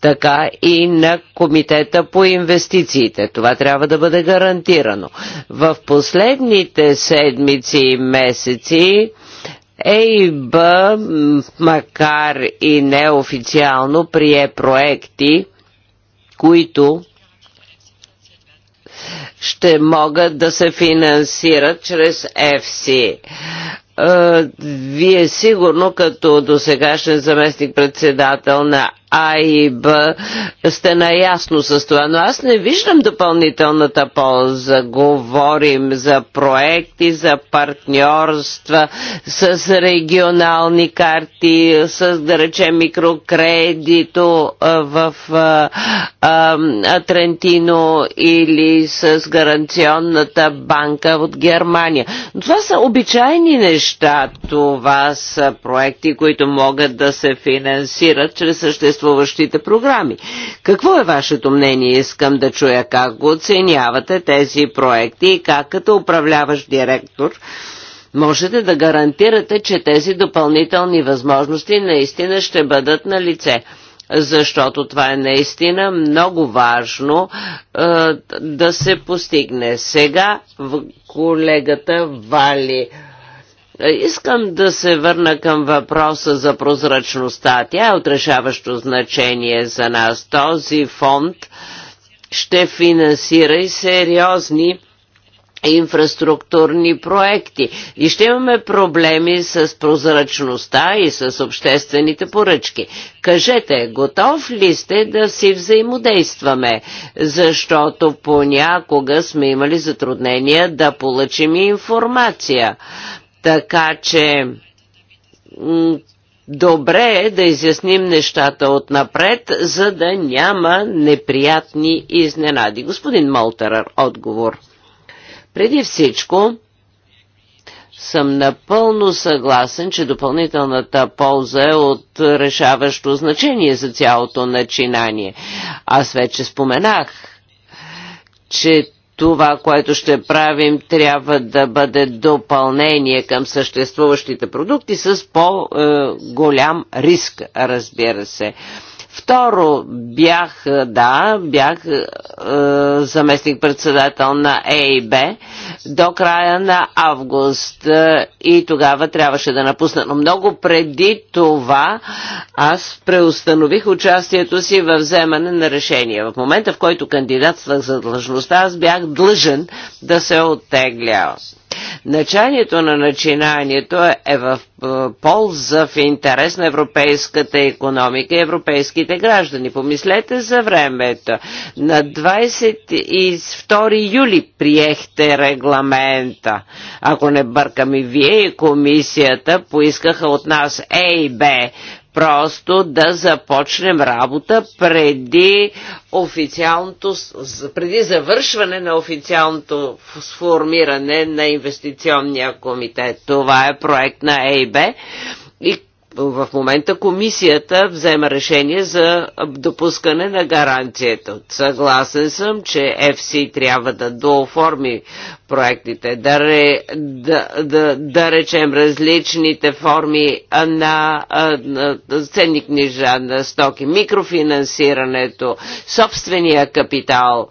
така и на комитета по инвестициите. Това трябва да бъде гарантирано. В последните седмици и месеци ЕИБ, макар и неофициално, прие проекти, които ще могат да се финансират чрез ЕФСИ. Е, вие сигурно като досегашен заместник-председател на а и б сте наясно с това, но аз не виждам допълнителната полза. Говорим за проекти, за партньорства с регионални карти, с да речем микрокредито в Атрентино или с гаранционната банка от Германия. Но това са обичайни неща. Това са проекти, които могат да се финансират чрез съществуването съществуващите програми. Какво е вашето мнение? Искам да чуя как го оценявате тези проекти и как като управляващ директор можете да гарантирате, че тези допълнителни възможности наистина ще бъдат на лице защото това е наистина много важно е, да се постигне. Сега колегата Вали. Искам да се върна към въпроса за прозрачността. Тя е отрешаващо значение за нас. Този фонд ще финансира и сериозни инфраструктурни проекти. И ще имаме проблеми с прозрачността и с обществените поръчки. Кажете, готов ли сте да си взаимодействаме? Защото понякога сме имали затруднения да получим информация. Така че добре е да изясним нещата отнапред, за да няма неприятни изненади. Господин Малтерър, отговор. Преди всичко, съм напълно съгласен, че допълнителната полза е от решаващо значение за цялото начинание. Аз вече споменах, че това, което ще правим, трябва да бъде допълнение към съществуващите продукти с по-голям е, риск, разбира се. Второ, бях, е, да, бях е, заместник-председател на ЕИБ до края на август е, и тогава трябваше да напусна. Но много преди това аз преустанових участието си в вземане на решения. В момента, в който кандидатствах за длъжността, аз бях длъжен да се оттегля. Начанието на начинанието е в е, полза в интерес на европейската економика и европейските граждани. Помислете за времето. На 22 юли приехте регламента. Ако не бъркам и вие и комисията поискаха от нас Е Б просто да започнем работа преди официалното, преди завършване на официалното сформиране на инвестиционния комитет. Това е проект на ЕИБ и в момента комисията взема решение за допускане на гаранцията. Съгласен съм, че FC трябва да дооформи проектите, да, ре, да, да, да речем различните форми на, на ценни книжа, на стоки, микрофинансирането, собствения капитал,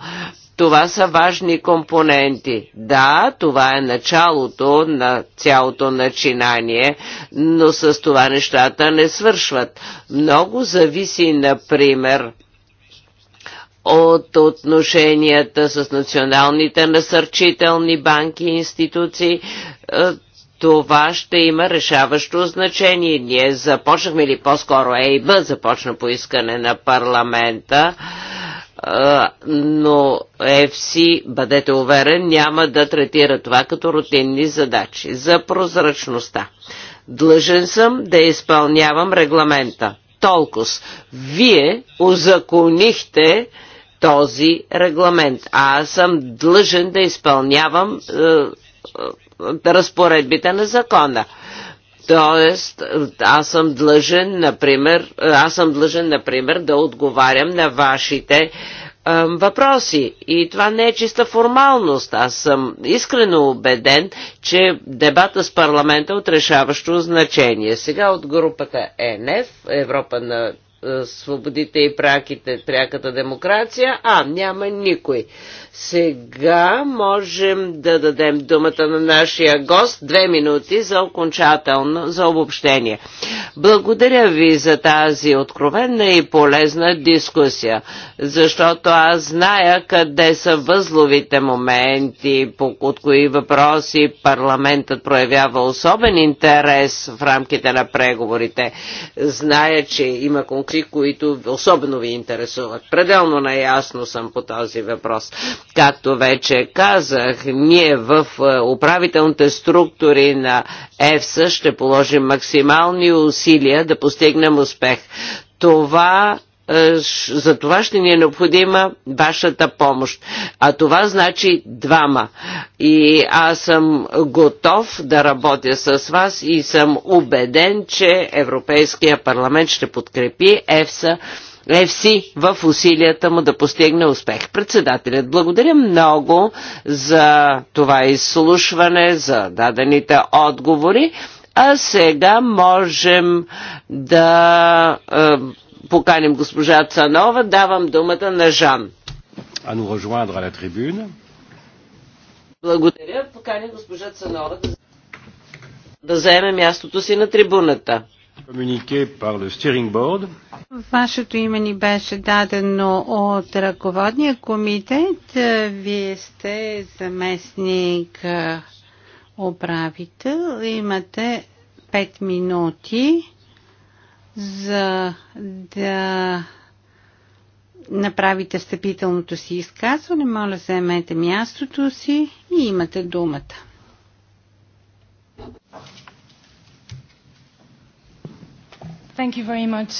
това са важни компоненти. Да, това е началото на цялото начинание, но с това нещата не свършват. Много зависи, например, от отношенията с националните насърчителни банки и институции. Е, това ще има решаващо значение. Ние започнахме или по-скоро ЕИБ започна поискане на парламента но FC, бъдете уверен, няма да третира това като рутинни задачи. За прозрачността. Длъжен съм да изпълнявам регламента. Толкос. Вие узаконихте този регламент, а аз съм длъжен да изпълнявам е, е, разпоредбите на закона. Тоест, аз съм длъжен, например, аз съм длъжен, например, да отговарям на вашите въпроси. И това не е чиста формалност. Аз съм искрено убеден, че дебата с парламента е от решаващо значение. Сега от групата ЕНЕФ, Европа на свободите и праките, пряката демокрация, а няма никой. Сега можем да дадем думата на нашия гост две минути за окончателно, за обобщение. Благодаря ви за тази откровенна и полезна дискусия, защото аз зная къде са възловите моменти, от кои въпроси парламентът проявява особен интерес в рамките на преговорите. Зная, че има конкрети, които особено ви интересуват. Пределно наясно съм по този въпрос. Както вече казах, ние в е, управителните структури на ЕФСА ще положим максимални усилия да постигнем успех. Това е, за това ще ни е необходима вашата помощ. А това значи двама. И аз съм готов да работя с вас и съм убеден, че Европейския парламент ще подкрепи ЕФСА Левси в усилията му да постигне успех. Председателят, благодаря много за това изслушване, за дадените отговори, а сега можем да е, поканим госпожа Цанова. Давам думата на Жан. А ну rejoindre à la tribune. Благодаря. Поканя госпожа Цанова да, да заеме мястото си на трибуната. Вашето име ни беше дадено от ръководния комитет. Вие сте заместник управител. Имате 5 минути за да направите встъпителното си изказване. Моля, заемете мястото си и имате думата. Thank you very much,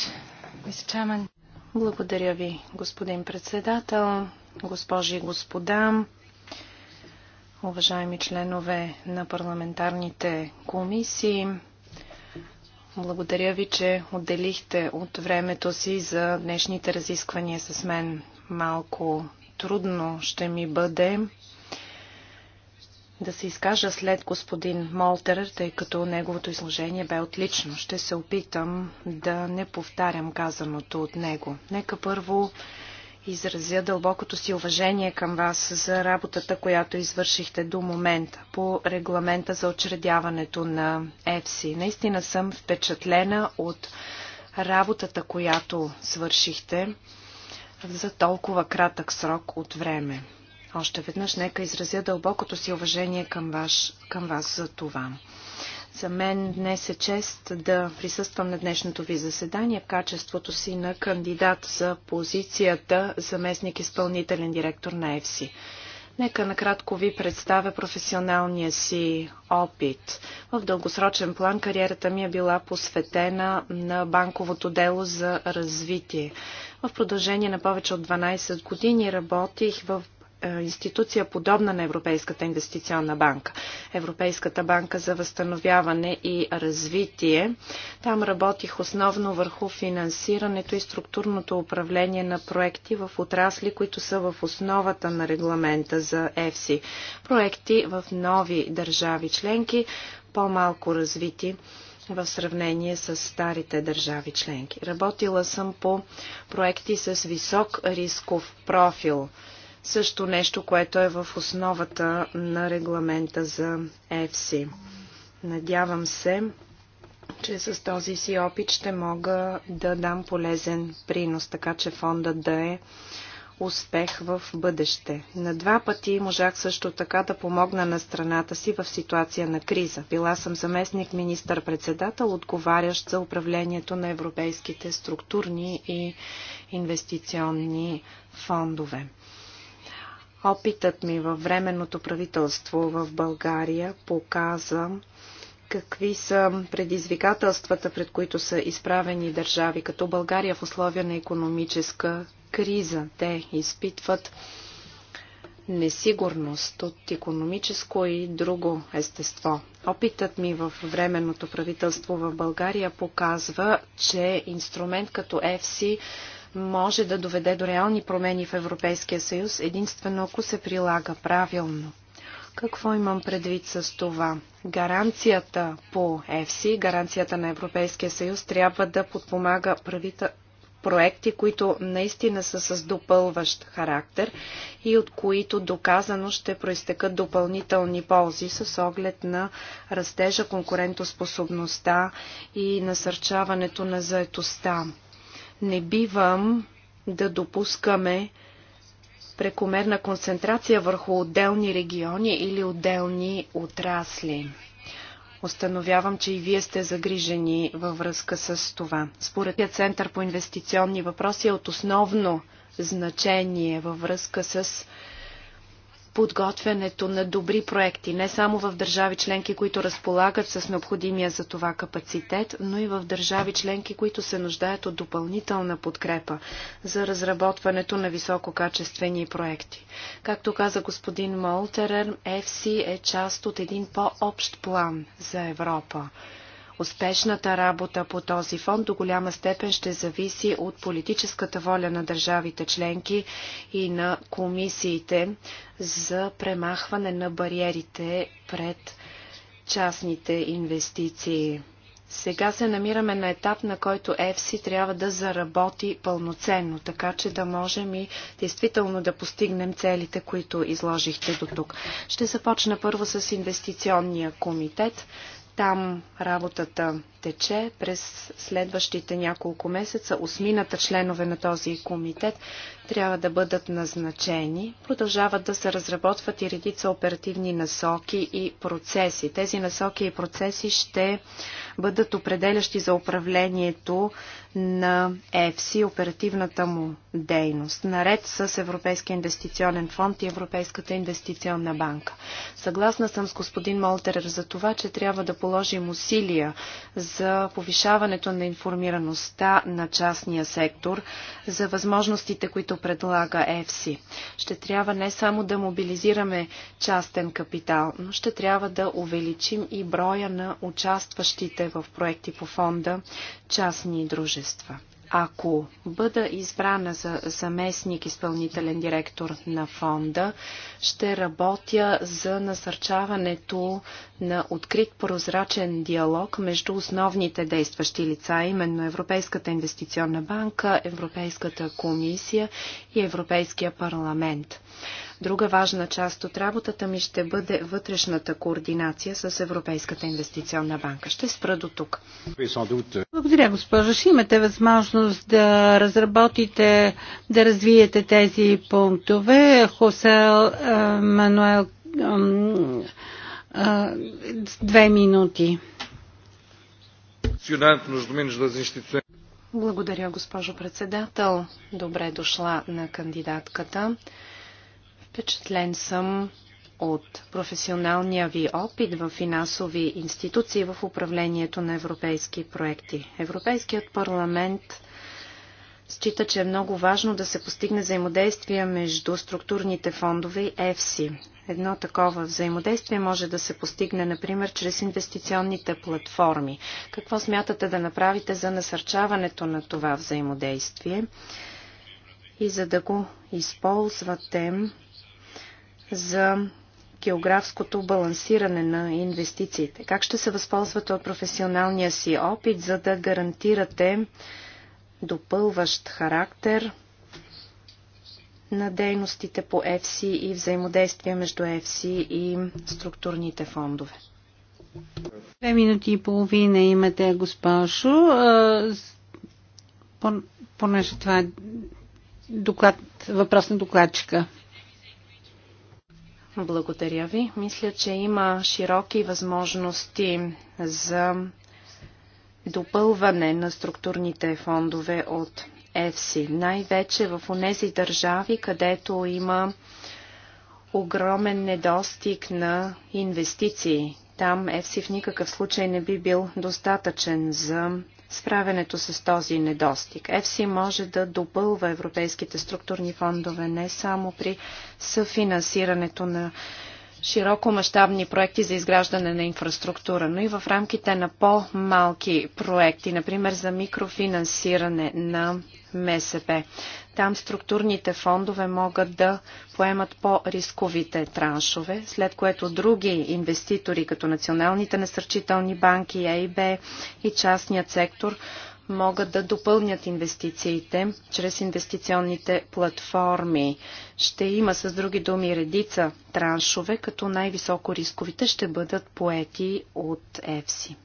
Mr. Благодаря ви, господин председател, госпожи и господа, уважаеми членове на парламентарните комисии. Благодаря ви, че отделихте от времето си за днешните разисквания с мен. Малко трудно ще ми бъде да се изкажа след господин Молтер, тъй като неговото изложение бе отлично. Ще се опитам да не повтарям казаното от него. Нека първо изразя дълбокото си уважение към вас за работата, която извършихте до момента по регламента за очредяването на ЕФСИ. Наистина съм впечатлена от работата, която свършихте за толкова кратък срок от време. Още веднъж нека изразя дълбокото си уважение към, ваш, към вас за това. За мен днес е чест да присъствам на днешното ви заседание в качеството си на кандидат за позицията заместник изпълнителен директор на ЕФСИ. Нека накратко ви представя професионалния си опит. В дългосрочен план кариерата ми е била посветена на банковото дело за развитие. В продължение на повече от 12 години работих в е, институция подобна на Европейската инвестиционна банка, Европейската банка за възстановяване и развитие. Там работих основно върху финансирането и структурното управление на проекти в отрасли, които са в основата на регламента за ЕФСИ. Проекти в нови държави членки, по-малко развити в сравнение с старите държави членки. Работила съм по проекти с висок рисков профил – също нещо, което е в основата на регламента за ЕФСИ. Надявам се, че с този си опит ще мога да дам полезен принос, така че фонда да е успех в бъдеще. На два пъти можах също така да помогна на страната си в ситуация на криза. Била съм заместник министър-председател, отговарящ за управлението на европейските структурни и инвестиционни фондове. Опитът ми във временното правителство в България показа какви са предизвикателствата, пред които са изправени държави като България в условия на економическа криза. Те изпитват несигурност от економическо и друго естество. Опитът ми в временното правителство в България показва, че инструмент като ЕФСИ може да доведе до реални промени в Европейския съюз, единствено ако се прилага правилно. Какво имам предвид с това? Гаранцията по ЕФСИ, гаранцията на Европейския съюз, трябва да подпомага правита проекти, които наистина са с допълващ характер и от които доказано ще проистекат допълнителни ползи с оглед на растежа, конкурентоспособността и насърчаването на заетостта. Не бивам да допускаме прекомерна концентрация върху отделни региони или отделни отрасли. Установявам, че и вие сте загрижени във връзка с това. Според Център по инвестиционни въпроси е от основно значение във връзка с подготвянето на добри проекти, не само в държави членки, които разполагат с необходимия за това капацитет, но и в държави членки, които се нуждаят от допълнителна подкрепа за разработването на висококачествени проекти. Както каза господин Молтерен, ЕФСИ е част от един по-общ план за Европа. Успешната работа по този фонд до голяма степен ще зависи от политическата воля на държавите членки и на комисиите за премахване на бариерите пред частните инвестиции. Сега се намираме на етап, на който ЕФСИ трябва да заработи пълноценно, така че да можем и действително да постигнем целите, които изложихте до тук. Ще започна първо с инвестиционния комитет. Там работата тече през следващите няколко месеца. Осмината членове на този комитет трябва да бъдат назначени. Продължават да се разработват и редица оперативни насоки и процеси. Тези насоки и процеси ще бъдат определящи за управлението на ЕФСИ, оперативната му дейност, наред с Европейския инвестиционен фонд и Европейската инвестиционна банка. Съгласна съм с господин Молтер за това, че трябва да положим усилия за повишаването на информираността на частния сектор за възможностите, които предлага ЕФСИ. Ще трябва не само да мобилизираме частен капитал, но ще трябва да увеличим и броя на участващите в проекти по фонда частни дружества. Ако бъда избрана за заместник изпълнителен директор на фонда, ще работя за насърчаването на открит прозрачен диалог между основните действащи лица, именно Европейската инвестиционна банка, Европейската комисия и Европейския парламент. Друга важна част от работата ми ще бъде вътрешната координация с Европейската инвестиционна банка. Ще спра до тук. Благодаря, госпожо. Ще имате възможност да разработите, да развиете тези пунктове. Хосел Мануел две минути. Благодаря, госпожо председател. Добре дошла на кандидатката. Впечатлен съм от професионалния ви опит в финансови институции в управлението на европейски проекти. Европейският парламент счита, че е много важно да се постигне взаимодействие между структурните фондове и ЕФСИ. Едно такова взаимодействие може да се постигне, например, чрез инвестиционните платформи. Какво смятате да направите за насърчаването на това взаимодействие и за да го използвате за географското балансиране на инвестициите? Как ще се възползвате от професионалния си опит, за да гарантирате допълващ характер на дейностите по ЕФСИ и взаимодействие между ЕФСИ и структурните фондове? Две минути и половина имате, госпожо. Понеже това е доклад, въпрос на докладчика. Благодаря ви. Мисля, че има широки възможности за допълване на структурните фондове от ЕФСИ. Най-вече в тези държави, където има огромен недостиг на инвестиции. Там ЕФСИ в никакъв случай не би бил достатъчен за справянето с този недостиг. ЕФСИ може да допълва европейските структурни фондове не само при съфинансирането на широко мащабни проекти за изграждане на инфраструктура, но и в рамките на по-малки проекти, например за микрофинансиране на МСП. Там структурните фондове могат да поемат по-рисковите траншове, след което други инвеститори, като националните насърчителни банки, ЕИБ и частният сектор, могат да допълнят инвестициите чрез инвестиционните платформи. Ще има, с други думи, редица траншове, като най-високо рисковите ще бъдат поети от ЕФСИ.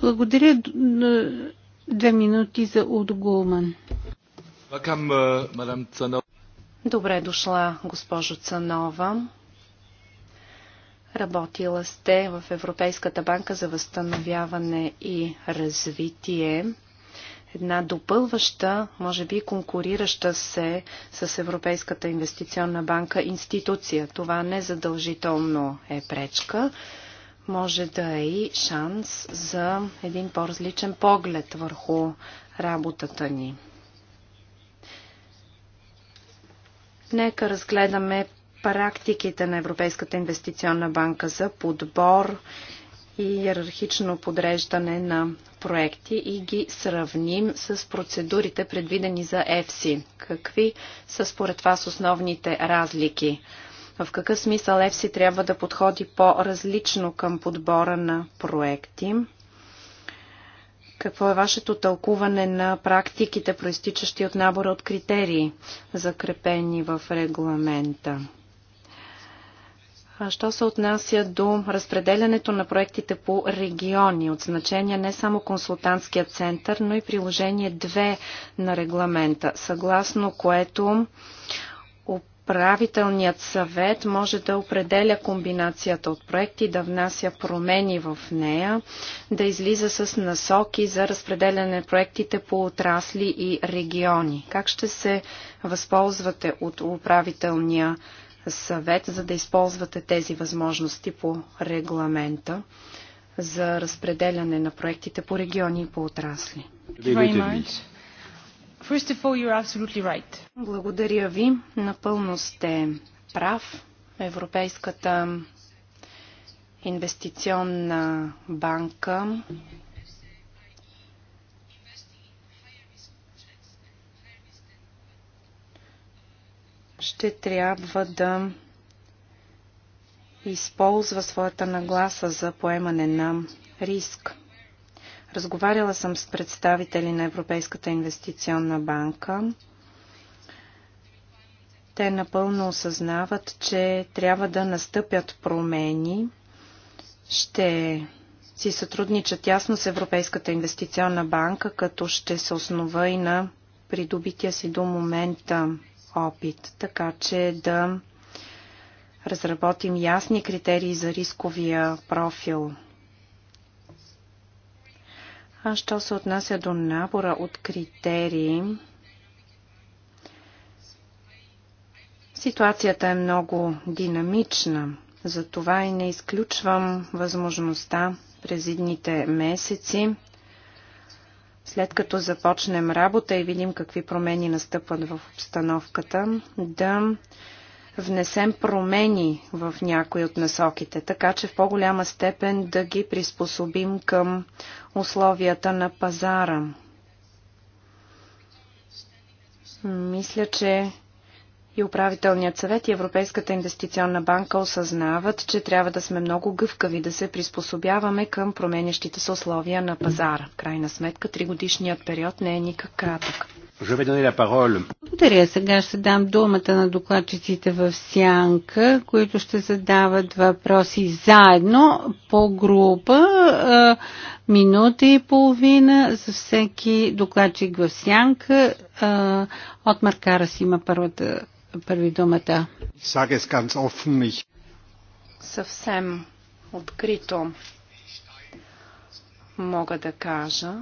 Благодаря. Две минути за Удгулман. Uh, Добре дошла, госпожо Цанова. Работила сте в Европейската банка за възстановяване и развитие. Една допълваща, може би конкурираща се с Европейската инвестиционна банка институция. Това незадължително е пречка може да е и шанс за един по-различен поглед върху работата ни. Нека разгледаме практиките на Европейската инвестиционна банка за подбор и иерархично подреждане на проекти и ги сравним с процедурите предвидени за ЕФСИ. Какви са според вас основните разлики? в какъв смисъл ЕФСИ трябва да подходи по-различно към подбора на проекти. Какво е вашето тълкуване на практиките, проистичащи от набора от критерии, закрепени в регламента? А що се отнася до разпределянето на проектите по региони, от значение не само консултантския център, но и приложение 2 на регламента, съгласно което Правителният съвет може да определя комбинацията от проекти, да внася промени в нея, да излиза с насоки за разпределяне на проектите по отрасли и региони. Как ще се възползвате от управителния съвет, за да използвате тези възможности по регламента за разпределяне на проектите по региони и по отрасли? Благодаря ви. Напълно сте прав. Европейската инвестиционна банка ще трябва да използва своята нагласа за поемане на риск. Разговаряла съм с представители на Европейската инвестиционна банка. Те напълно осъзнават, че трябва да настъпят промени. Ще си сътруднича тясно с Европейската инвестиционна банка, като ще се основа и на придобития си до момента опит, така че да разработим ясни критерии за рисковия профил а що се отнася до набора от критерии, ситуацията е много динамична. Затова и не изключвам възможността през идните месеци, след като започнем работа и видим какви промени настъпват в обстановката, да внесем промени в някои от насоките, така че в по-голяма степен да ги приспособим към условията на пазара. Мисля, че и управителният съвет и Европейската инвестиционна банка осъзнават, че трябва да сме много гъвкави, да се приспособяваме към променящите се условия на пазара. В крайна сметка, тригодишният период не е никак кратък. Благодаря. Сега ще дам думата на докладчиците в Сянка, които ще задават въпроси заедно по група. Минута и половина за всеки докладчик в Сянка. От Маркарас има първата първи думата. Съвсем открито мога да кажа,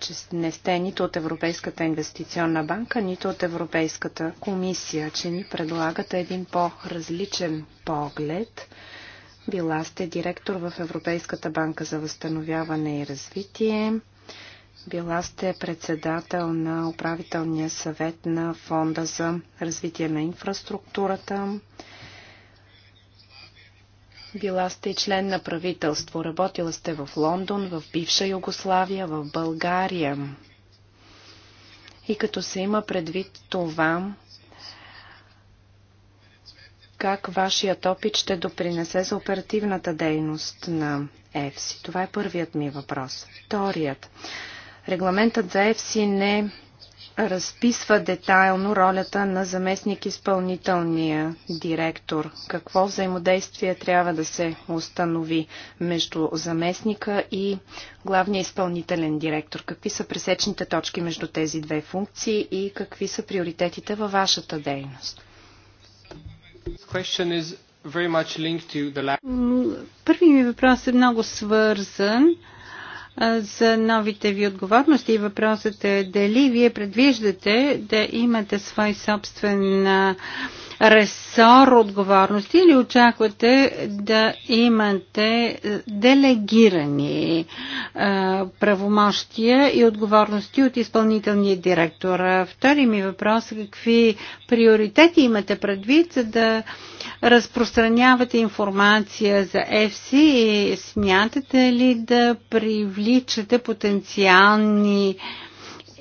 че не сте нито от Европейската инвестиционна банка, нито от Европейската комисия, че ни предлагате един по-различен поглед. Била сте директор в Европейската банка за възстановяване и развитие. Била сте председател на управителния съвет на Фонда за развитие на инфраструктурата. Била сте и член на правителство. Работила сте в Лондон, в бивша Югославия, в България. И като се има предвид това, как вашият опит ще допринесе за оперативната дейност на ЕФСИ? Това е първият ми въпрос. Вторият. Регламентът за ЕФСИ не разписва детайлно ролята на заместник изпълнителния директор. Какво взаимодействие трябва да се установи между заместника и главния изпълнителен директор? Какви са пресечните точки между тези две функции и какви са приоритетите във вашата дейност? Първият ми въпрос е много свързан за новите ви отговорности и въпросът е дали вие предвиждате да имате свой собствен ресор отговорности или очаквате да имате делегирани правомощия и отговорности от изпълнителния директор? Втори ми въпрос е какви приоритети имате предвид, за да разпространявате информация за FC и смятате ли да привличате потенциални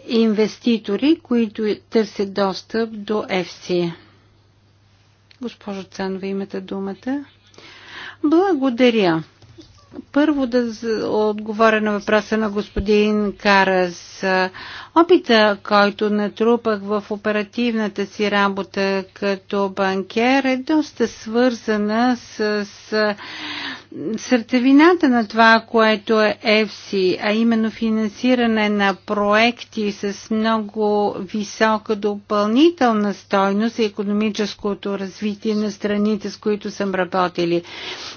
инвеститори, които търсят достъп до FC? Госпожо Цанова, имате думата. Благодаря. Първо да отговоря на въпроса на господин Карас. Опита, който натрупах в оперативната си работа като банкер е доста свързана с, с сърцевината на това, което е ЕФСИ, а именно финансиране на проекти с много висока допълнителна стойност и економическото развитие на страните, с които съм работили.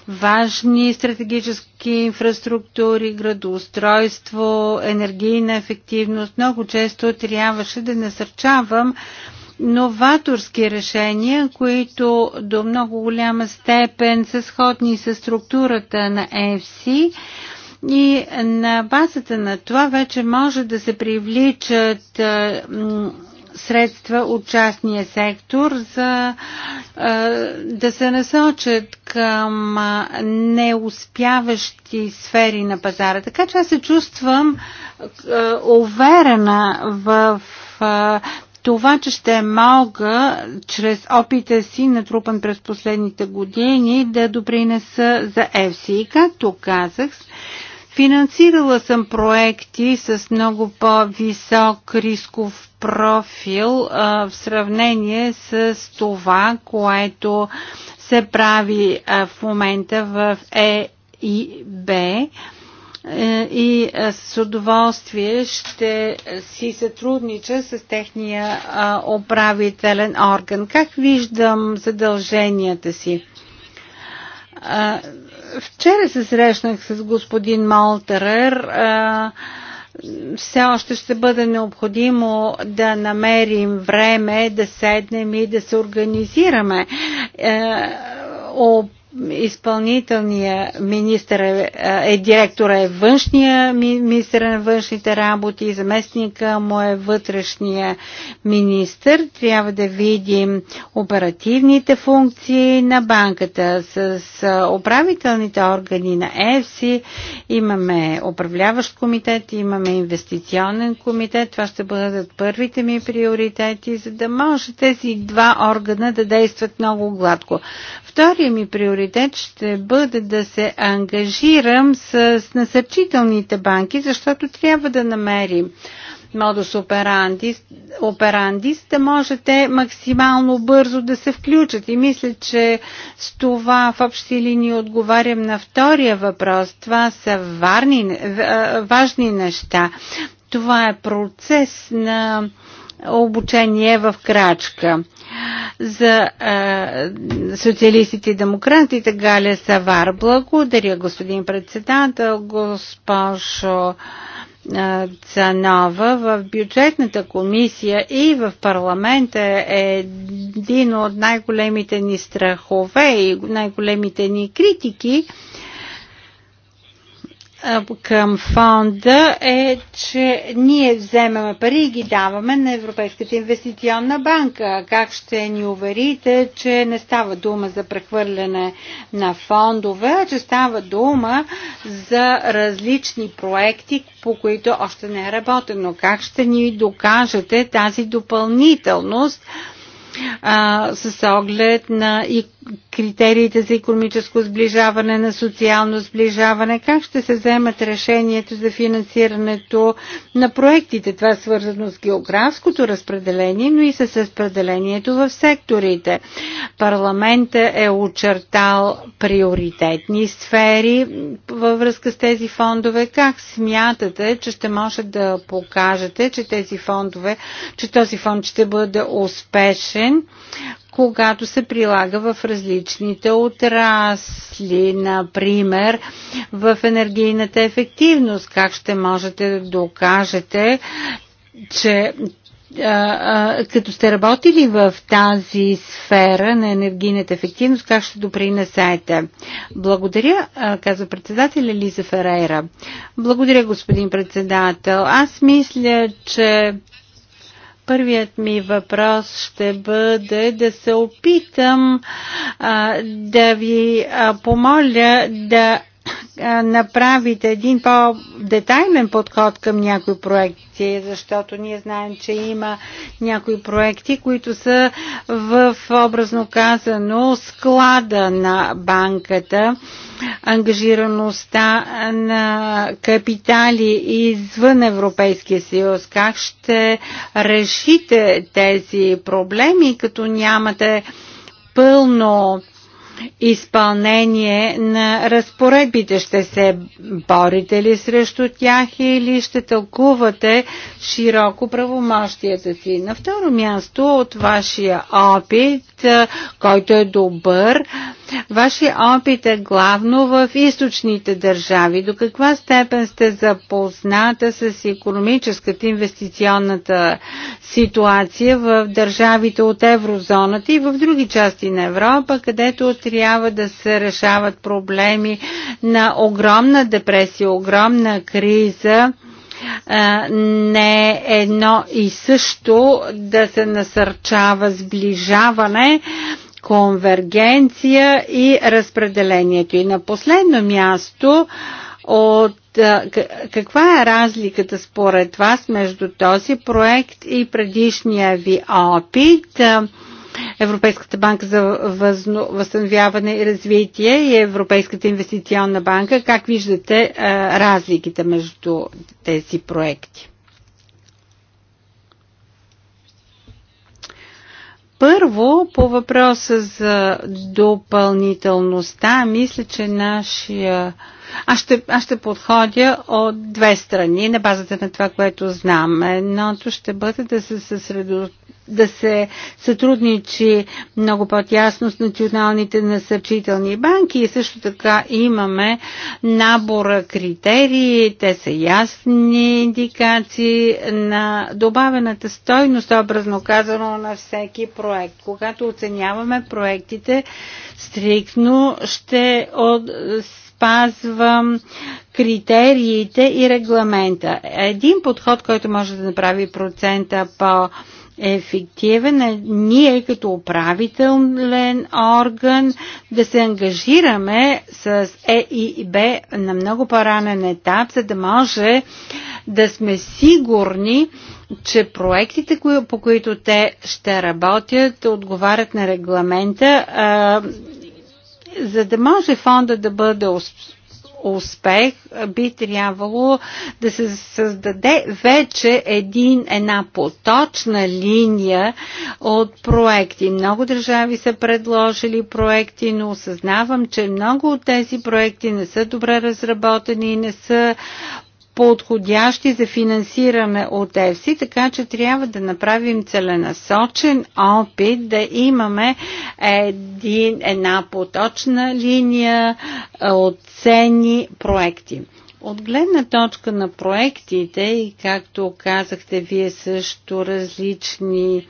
Важни стратегически инфраструктури, градоустройство, енергийна ефективност. Много често трябваше да насърчавам новаторски решения, които до много голяма степен са сходни с структурата на EFSI. И на базата на това вече може да се привличат средства от частния сектор за да се насочат към неуспяващи сфери на пазара. Така че аз се чувствам уверена в това, че ще мога чрез опита си, натрупан през последните години, да допринеса за ЕФСИ. И както казах, Финансирала съм проекти с много по-висок рисков профил а, в сравнение с това, което се прави а, в момента в Е и е, и е, с удоволствие ще си сътруднича с техния управителен орган. Как виждам задълженията си? Вчера се срещнах с господин Малтерер. Все още ще бъде необходимо да намерим време, да седнем и да се организираме е, изпълнителния министър е, е, е директора е външния министър на външните работи, заместника му е вътрешния министър. Трябва да видим оперативните функции на банката с, с управителните органи на ЕФСИ. Имаме управляващ комитет, имаме инвестиционен комитет. Това ще бъдат първите ми приоритети, за да може тези два органа да действат много гладко. Втория ми приоритет ще бъде да се ангажирам с насърчителните банки, защото трябва да намерим модус операндис, да можете максимално бързо да се включат. И мисля, че с това в общи линии отговарям на втория въпрос. Това са варни, важни неща. Това е процес на обучение в крачка за а, социалистите и демократите Галя Савар. Благодаря, господин председател, госпожо Цанова в бюджетната комисия и в парламента е един от най-големите ни страхове и най-големите ни критики към фонда е, че ние вземаме пари и ги даваме на Европейската инвестиционна банка. Как ще ни уверите, че не става дума за прехвърляне на фондове, а че става дума за различни проекти, по които още не е работено? Как ще ни докажете тази допълнителност? а, с оглед на и критериите за економическо сближаване, на социално сближаване, как ще се вземат решението за финансирането на проектите. Това е свързано с географското разпределение, но и с разпределението в секторите. Парламента е очертал приоритетни сфери във връзка с тези фондове. Как смятате, че ще може да покажете, че тези фондове, че този фонд ще бъде успешен? когато се прилага в различните отрасли, например в енергийната ефективност. Как ще можете да докажете, че като сте работили в тази сфера на енергийната ефективност, как ще допринесете? Благодаря, каза председател Лиза Ферейра. Благодаря, господин председател. Аз мисля, че Първият ми въпрос ще бъде да се опитам а, да ви а, помоля да направите един по-детайлен подход към някои проекти, защото ние знаем, че има някои проекти, които са в образно казано склада на банката, ангажираността на капитали извън Европейския съюз. Как ще решите тези проблеми, като нямате пълно изпълнение на разпоредбите? Ще се борите ли срещу тях или ще тълкувате широко правомощията си? На второ място от вашия опит, който е добър, Вашия опит е главно в източните държави. До каква степен сте запозната с економическата инвестиционната ситуация в държавите от еврозоната и в други части на Европа, където трябва да се решават проблеми на огромна депресия, огромна криза? не е едно и също да се насърчава сближаване конвергенция и разпределението. И на последно място от каква е разликата според вас между този проект и предишния ви опит? Европейската банка за възстановяване и развитие и Европейската инвестиционна банка. Как виждате разликите между тези проекти? Първо, по въпроса за допълнителността, мисля, че нашия... Аз ще, аз ще подходя от две страни, на базата на това, което знам. Едното ще бъде да се съсредо да се сътрудничи много по-тясно с националните насърчителни банки и също така имаме набора критерии, те са ясни индикации на добавената стойност, образно казано на всеки проект. Когато оценяваме проектите, стриктно, ще от, спазвам критериите и регламента. Един подход, който може да направи процента по- ефективен, ние като управителен орган да се ангажираме с Е и Б на много по-ранен етап, за да може да сме сигурни, че проектите, по които те ще работят, отговарят на регламента, за да може фонда да бъде успех, би трябвало да се създаде вече един, една поточна линия от проекти. Много държави са предложили проекти, но осъзнавам, че много от тези проекти не са добре разработени и не са подходящи за финансиране от ЕФСИ, така че трябва да направим целенасочен опит да имаме един, една поточна линия е, от ценни проекти. От гледна точка на проектите и както казахте вие също различни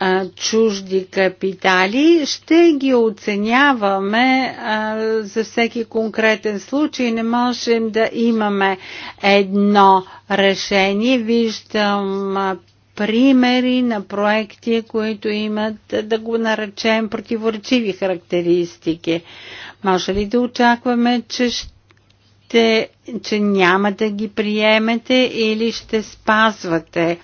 а, чужди капитали, ще ги оценяваме а, за всеки конкретен случай. Не можем да имаме едно решение. Виждам а, примери на проекти, които имат, да го наречем, противоречиви характеристики. Може ли да очакваме, че ще, че няма да ги приемете или ще спазвате?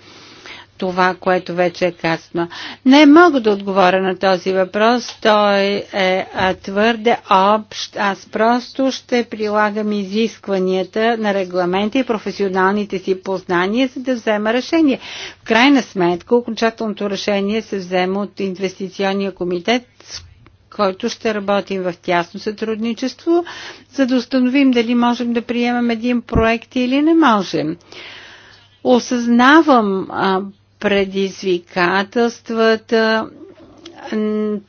това, което вече е казано. Не мога да отговоря на този въпрос. Той е твърде общ. Аз просто ще прилагам изискванията на регламента и професионалните си познания, за да взема решение. В крайна сметка, окончателното решение се взема от инвестиционния комитет, с който ще работим в тясно сътрудничество, за да установим дали можем да приемем един проект или не можем. Осъзнавам а, предизвикателствата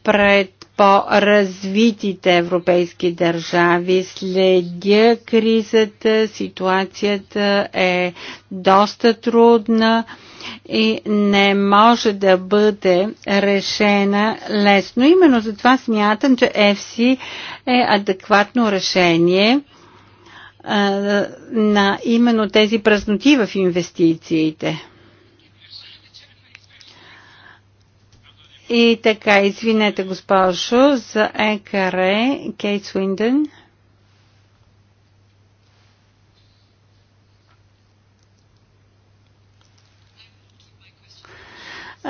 пред по-развитите европейски държави. Следя кризата, ситуацията е доста трудна и не може да бъде решена лесно. Именно затова смятам, че ЕФСИ е адекватно решение а, на именно тези празноти в инвестициите. И така, извинете, госпожо, за ЕКР Кейт Суинден.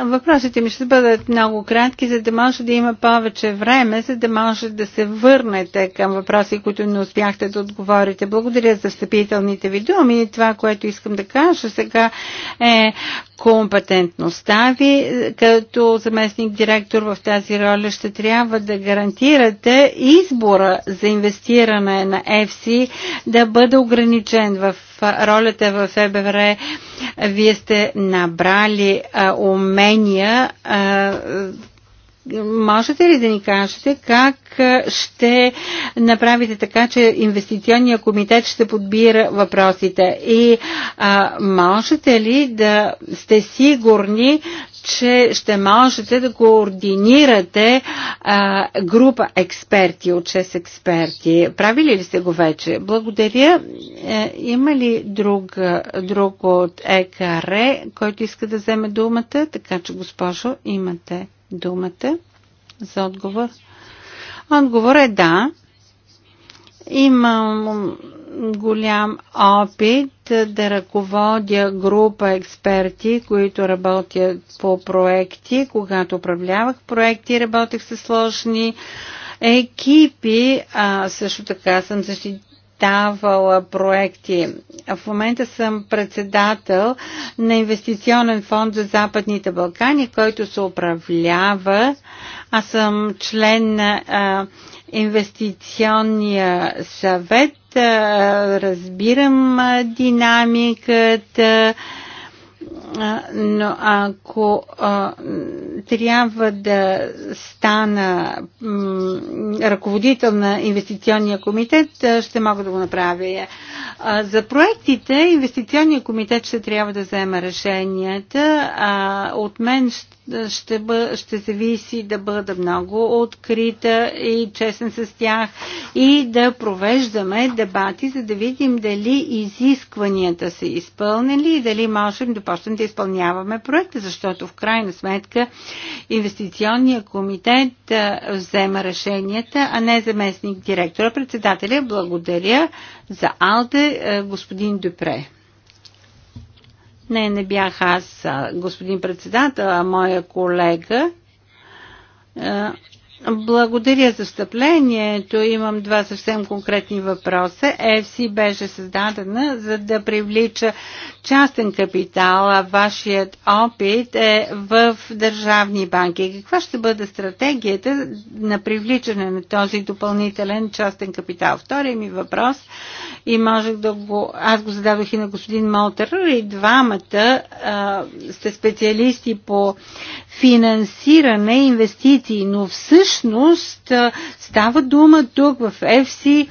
Въпросите ми ще бъдат много кратки, за да може да има повече време, за да може да се върнете към въпроси, които не успяхте да отговорите. Благодаря за встъпителните ви думи. Това, което искам да кажа сега е компетентността ви. Като заместник директор в тази роля ще трябва да гарантирате избора за инвестиране на EFSI да бъде ограничен в ролята в ФБР вие сте набрали умения Можете ли да ни кажете как ще направите така, че инвестиционния комитет ще подбира въпросите? И а, можете ли да сте сигурни, че ще можете да координирате а, група експерти от 6 експерти. Правили ли сте го вече? Благодаря. Е, има ли друг, друг от ЕКР, който иска да вземе думата? Така че, госпожо, имате думата за отговор? Отговор е да. Имам голям опит да ръководя група експерти, които работят по проекти. Когато управлявах проекти, работех с сложни екипи. А, също така съм защитил представала проекти. В момента съм председател на инвестиционен фонд за Западните Балкани, който се управлява. Аз съм член на инвестиционния съвет. разбирам динамиката но ако а, трябва да стана м, ръководител на инвестиционния комитет, ще мога да го направя. А, за проектите инвестиционния комитет ще трябва да взема решенията. А, от мен ще, ще, бъ, ще зависи да бъда много открита и честен с тях и да провеждаме дебати, за да видим дали изискванията са изпълнени и дали можем да почнем да изпълняваме проекта, защото в крайна сметка инвестиционния комитет взема решенията, а не заместник директора. Председателя, благодаря за Алде, господин Дюпре. Не, не бях аз, господин председател, а моя колега. Благодаря за встъплението. Имам два съвсем конкретни въпроса. ЕФСИ беше създадена за да привлича частен капитал, а вашият опит е в държавни банки. Каква ще бъде стратегията на привличане на този допълнителен частен капитал? Втория ми въпрос и можех да го... Аз го зададох и на господин Молтер и двамата а, сте специалисти по финансиране, инвестиции, но всъщност става дума тук в ЕФСИ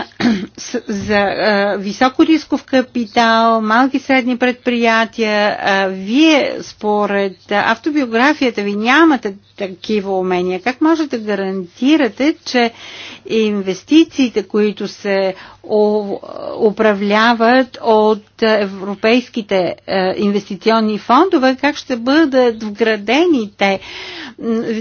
за високо рисков капитал, малки и средни предприятия. Вие според автобиографията ви нямате такива умения. Как можете да гарантирате, че инвестициите, които се управляват от европейските инвестиционни фондове, как ще бъдат вградени утвърдените.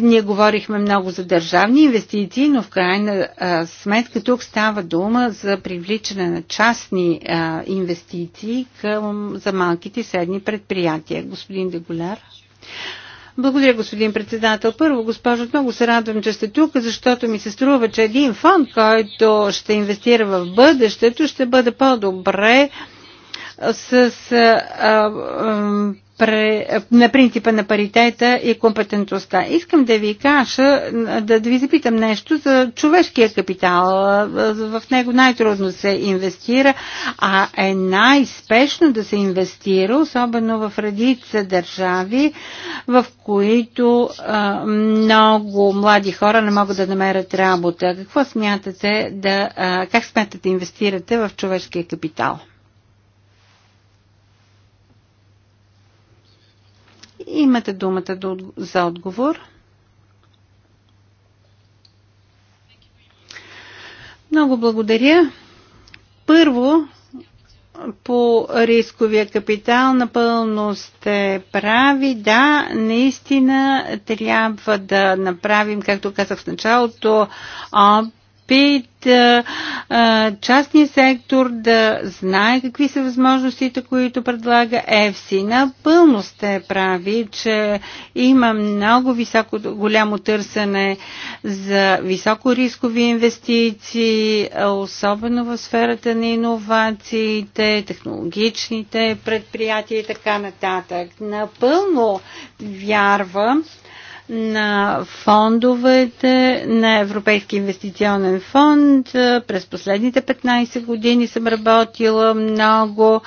Ние говорихме много за държавни инвестиции, но в крайна сметка тук става дума за привличане на частни инвестиции към, за малките и средни предприятия. Господин Дегуляр. Благодаря, господин председател. Първо, госпожо, много се радвам, че сте тук, защото ми се струва, че един фонд, който ще инвестира в бъдещето, ще бъде по-добре с на принципа на паритета и компетентността. Искам да ви кажа, да, да ви запитам нещо за човешкия капитал. В него най-трудно се инвестира, а е най-спешно да се инвестира, особено в редица държави, в които а, много млади хора не могат да намерят работа. Какво смятате да, а, как смятате да инвестирате в човешкия капитал? Имате думата за отговор. Много благодаря. Първо, по рисковия капитал напълно сте прави. Да, наистина трябва да направим, както казах в началото, опит, частния сектор да знае какви са възможностите, които предлага ЕФСИ. Напълно сте прави, че има много високо, голямо търсене за високо рискови инвестиции, особено в сферата на иновациите, технологичните предприятия и така нататък. Напълно вярвам, на фондовете на Европейски инвестиционен фонд. През последните 15 години съм работила много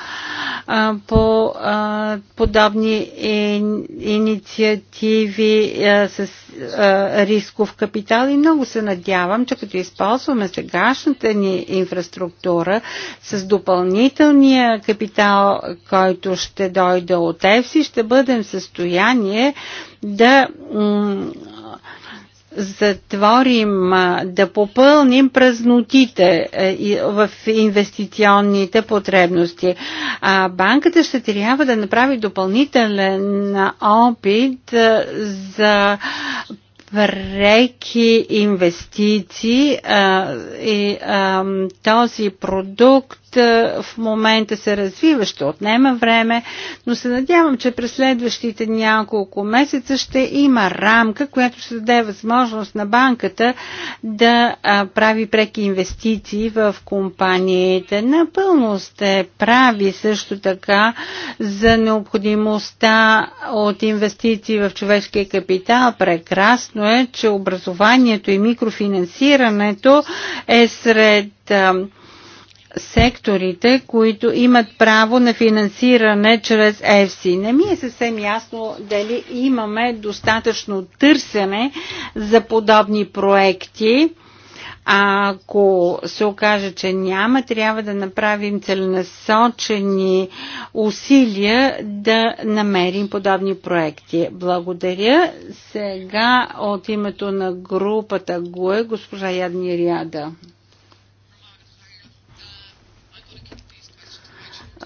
а, по а, подобни инициативи а, с а, рисков капитал и много се надявам, че като използваме сегашната ни инфраструктура с допълнителния капитал, който ще дойде от ЕФСИ, ще бъдем в състояние да затворим, да попълним празнотите е, в инвестиционните потребности. А банката ще трябва да направи допълнителен опит за преки инвестиции а, и а, този продукт в момента се развива, ще отнема време, но се надявам, че през следващите няколко месеца ще има рамка, която ще даде възможност на банката да прави преки инвестиции в компаниите. Напълно сте прави също така за необходимостта от инвестиции в човешкия капитал. Прекрасно е, че образованието и микрофинансирането е сред секторите, които имат право на финансиране чрез ЕФСИ. Не ми е съвсем ясно дали имаме достатъчно търсене за подобни проекти. Ако се окаже, че няма, трябва да направим целенасочени усилия да намерим подобни проекти. Благодаря. Сега от името на групата ГУЕ госпожа Ядни Ряда.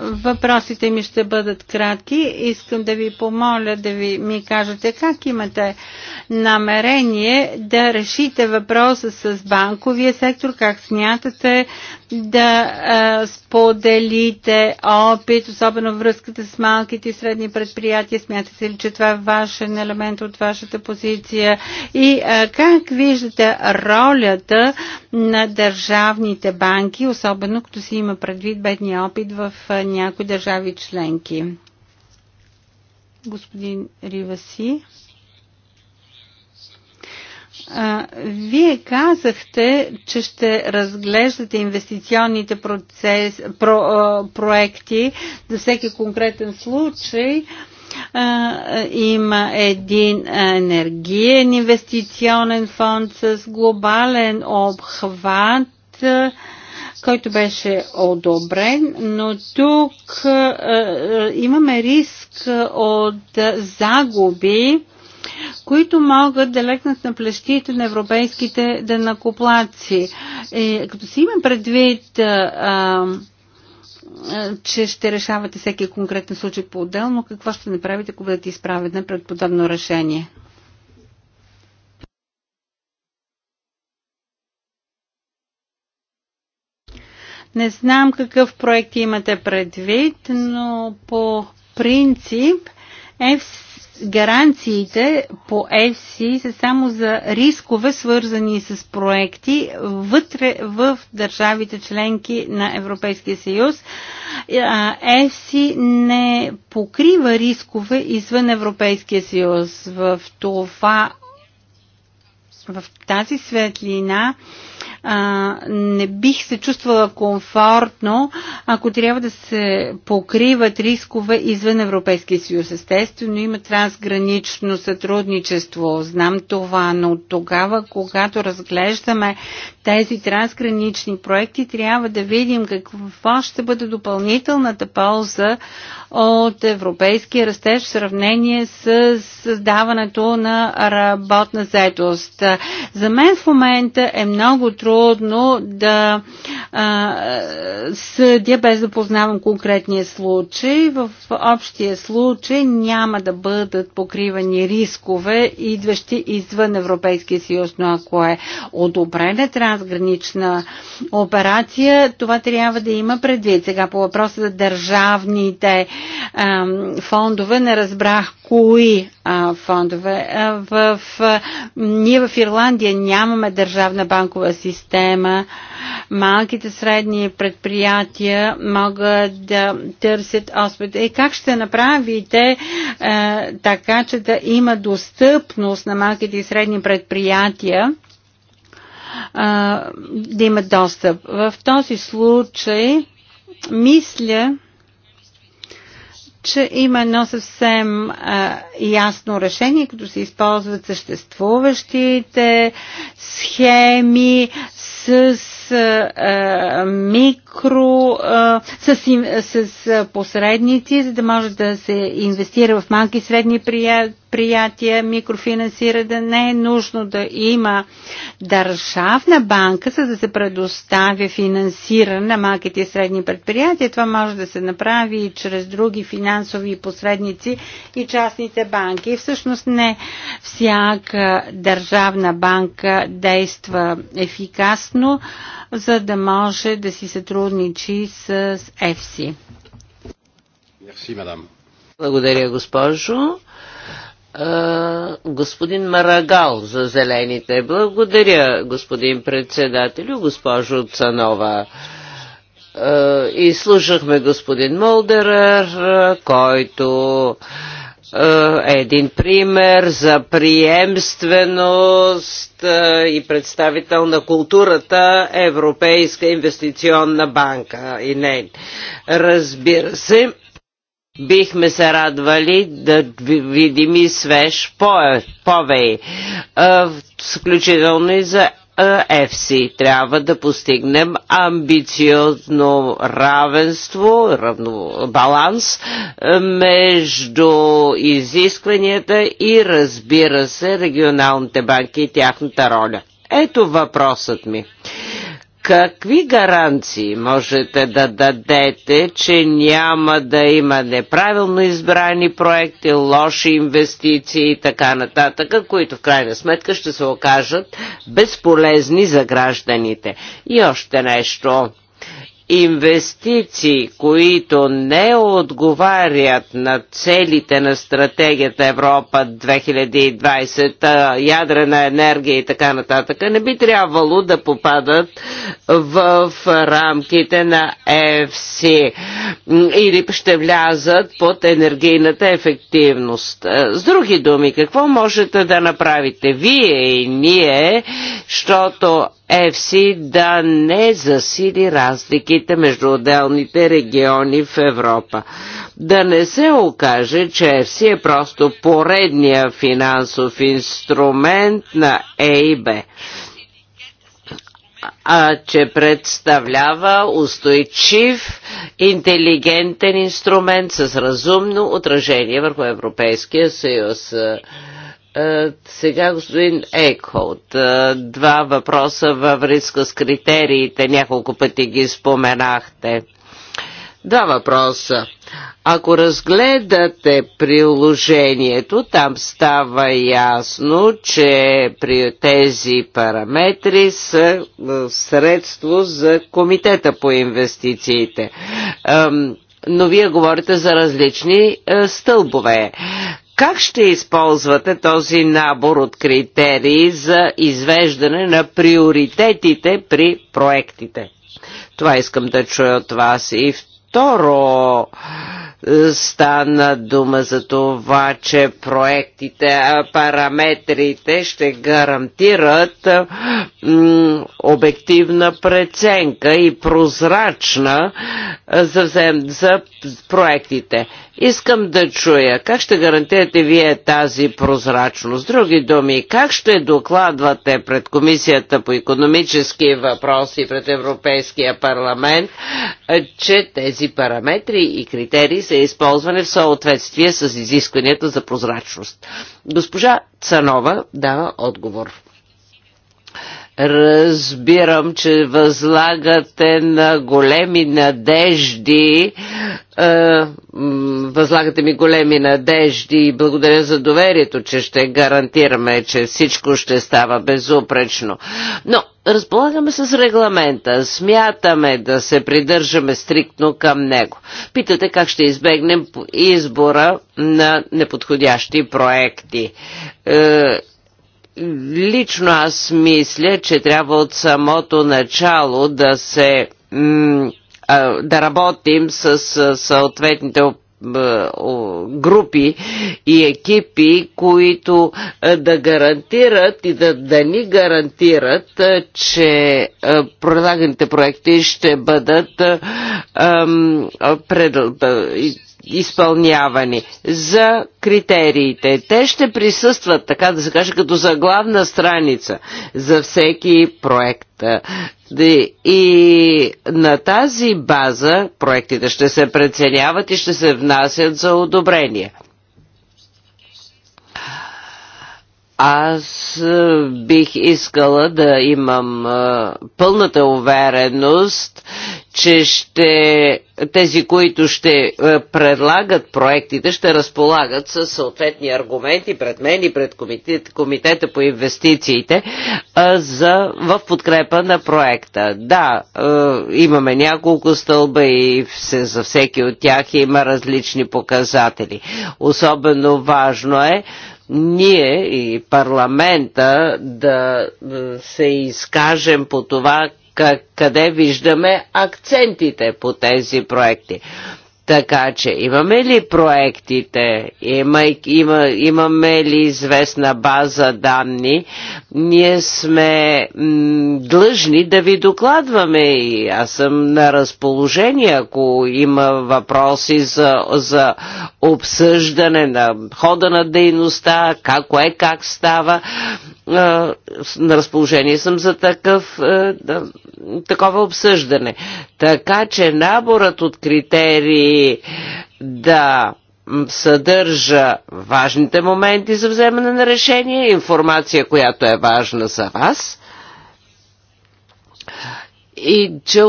Въпросите ми ще бъдат кратки. Искам да ви помоля да ви ми кажете как имате намерение да решите въпроса с банковия сектор, как смятате да а, споделите опит, особено връзката с малките и средни предприятия. Смятате ли, че това е вашен елемент от вашата позиция? И а, как виждате ролята на държавните банки, особено като си има предвид бедния опит в а, някои държави членки? Господин Риваси вие казахте, че ще разглеждате инвестиционните процес, про, а, проекти за всеки конкретен случай. А, има един енергиен инвестиционен фонд с глобален обхват който беше одобрен, но тук имаме риск от загуби които могат да лекнат на плещите на европейските денакоплаци. Е, като си имам предвид а, че ще решавате всеки конкретен случай по-отделно. Какво ще направите, ако бъдете изправени пред подобно решение? Не знам какъв проект имате предвид, но по принцип гаранциите по ЕФСИ са само за рискове, свързани с проекти вътре в държавите членки на Европейския съюз. ЕФСИ не покрива рискове извън Европейския съюз. В това в тази светлина а, не бих се чувствала комфортно, ако трябва да се покриват рискове извън Европейския съюз. Естествено, има трансгранично сътрудничество, знам това, но тогава, когато разглеждаме тези трансгранични проекти, трябва да видим какво ще бъде допълнителната полза от европейския растеж в сравнение с създаването на работна заедост. За мен в момента е много трудно трудно да а, съдя без да познавам конкретния случай. В общия случай няма да бъдат покривани рискове, идващи извън Европейския съюз, но ако е одобрена трансгранична операция, това трябва да има предвид. Сега по въпроса за държавните а, фондове не разбрах кои а, фондове. А, в, а, ние в Ирландия нямаме държавна банкова система. Малките средни предприятия могат да търсят оспит. Е, как ще направите а, така, че да има достъпност на малките и средни предприятия? да имат достъп. В този случай, мисля, че има едно съвсем а, ясно решение, като се използват съществуващите схеми с а, микро, а, с, с посредници, за да може да се инвестира в малки и средни приятия, микрофинансира, да не е нужно да има държавна банка, за да се предоставя финансиране на малките и средни предприятия. Това може да се направи и чрез други финансови посредници и частните банки. И всъщност не всяка държавна банка действа ефикасно за да може да си сътрудничи с ЕФСИ. Благодаря, госпожо господин Марагал за зелените. Благодаря, господин председателю, госпожо Цанова. И слушахме господин Молдерър, който е, един пример за приемственост е, и представител на културата Европейска инвестиционна банка и не. Разбира се, бихме се радвали да видим и свеж повей, е, включително и за е, ЕФСИ. Трябва да постигнем амбициозно равенство, равно, баланс е, между изискванията и разбира се регионалните банки и тяхната роля. Ето въпросът ми. Какви гаранции можете да дадете, че няма да има неправилно избрани проекти, лоши инвестиции и така нататък, които в крайна сметка ще се окажат безполезни за гражданите? И още нещо Инвестиции, които не отговарят на целите на стратегията Европа 2020, ядрена енергия и така нататък, не би трябвало да попадат в рамките на ЕФСИ или ще влязат под енергийната ефективност. С други думи, какво можете да направите вие и ние, защото ЕФСИ да не засили разликите между отделните региони в Европа. Да не се окаже, че ЕФСИ е просто поредния финансов инструмент на ЕИБ а, че представлява устойчив, интелигентен инструмент с разумно отражение върху Европейския съюз. Е, сега господин Ейкхолд, е, два въпроса във връзка с критериите, няколко пъти ги споменахте. Два въпроса. Ако разгледате приложението, там става ясно, че при тези параметри са е, средство за комитета по инвестициите но вие говорите за различни стълбове. Как ще използвате този набор от критерии за извеждане на приоритетите при проектите? Това искам да чуя от вас. И второ, Стана дума за това, че проектите, параметрите ще гарантират обективна преценка и прозрачна за, за проектите. Искам да чуя как ще гарантирате вие тази прозрачност. Други думи, как ще докладвате пред Комисията по економически въпроси пред Европейския парламент, че тези параметри и критерии за е използване в съответствие с изискванията за прозрачност. Госпожа Цанова дава отговор. Разбирам, че възлагате на големи надежди, е, възлагате ми големи надежди и благодаря за доверието, че ще гарантираме, че всичко ще става безупречно. Но разполагаме с регламента, смятаме да се придържаме стриктно към него. Питате как ще избегнем избора на неподходящи проекти. Е, Лично аз мисля, че трябва от самото начало да се да работим с съответните групи и екипи, които да гарантират и да, да ни гарантират, че предлаганите проекти ще бъдат пред, изпълнявани. За критериите. Те ще присъстват, така да се каже, като заглавна страница за всеки проект. И на тази база проектите ще се преценяват и ще се внасят за одобрение. Аз е, бих искала да имам е, пълната увереност, че ще, тези, които ще е, предлагат проектите, ще разполагат с съответни аргументи пред мен и пред комитет, комитета по инвестициите за, в подкрепа на проекта. Да, имаме няколко стълба и все, за всеки от тях има различни показатели. Особено важно е ние и парламента да се изкажем по това къде виждаме акцентите по тези проекти. Така че имаме ли проектите, има, има, имаме ли известна база данни, ние сме длъжни да ви докладваме и аз съм на разположение, ако има въпроси за, за обсъждане на хода на дейността, как, е, как става на разположение съм за такъв, такова обсъждане. Така че наборът от критерии да съдържа важните моменти за вземане на решение, информация, която е важна за вас и че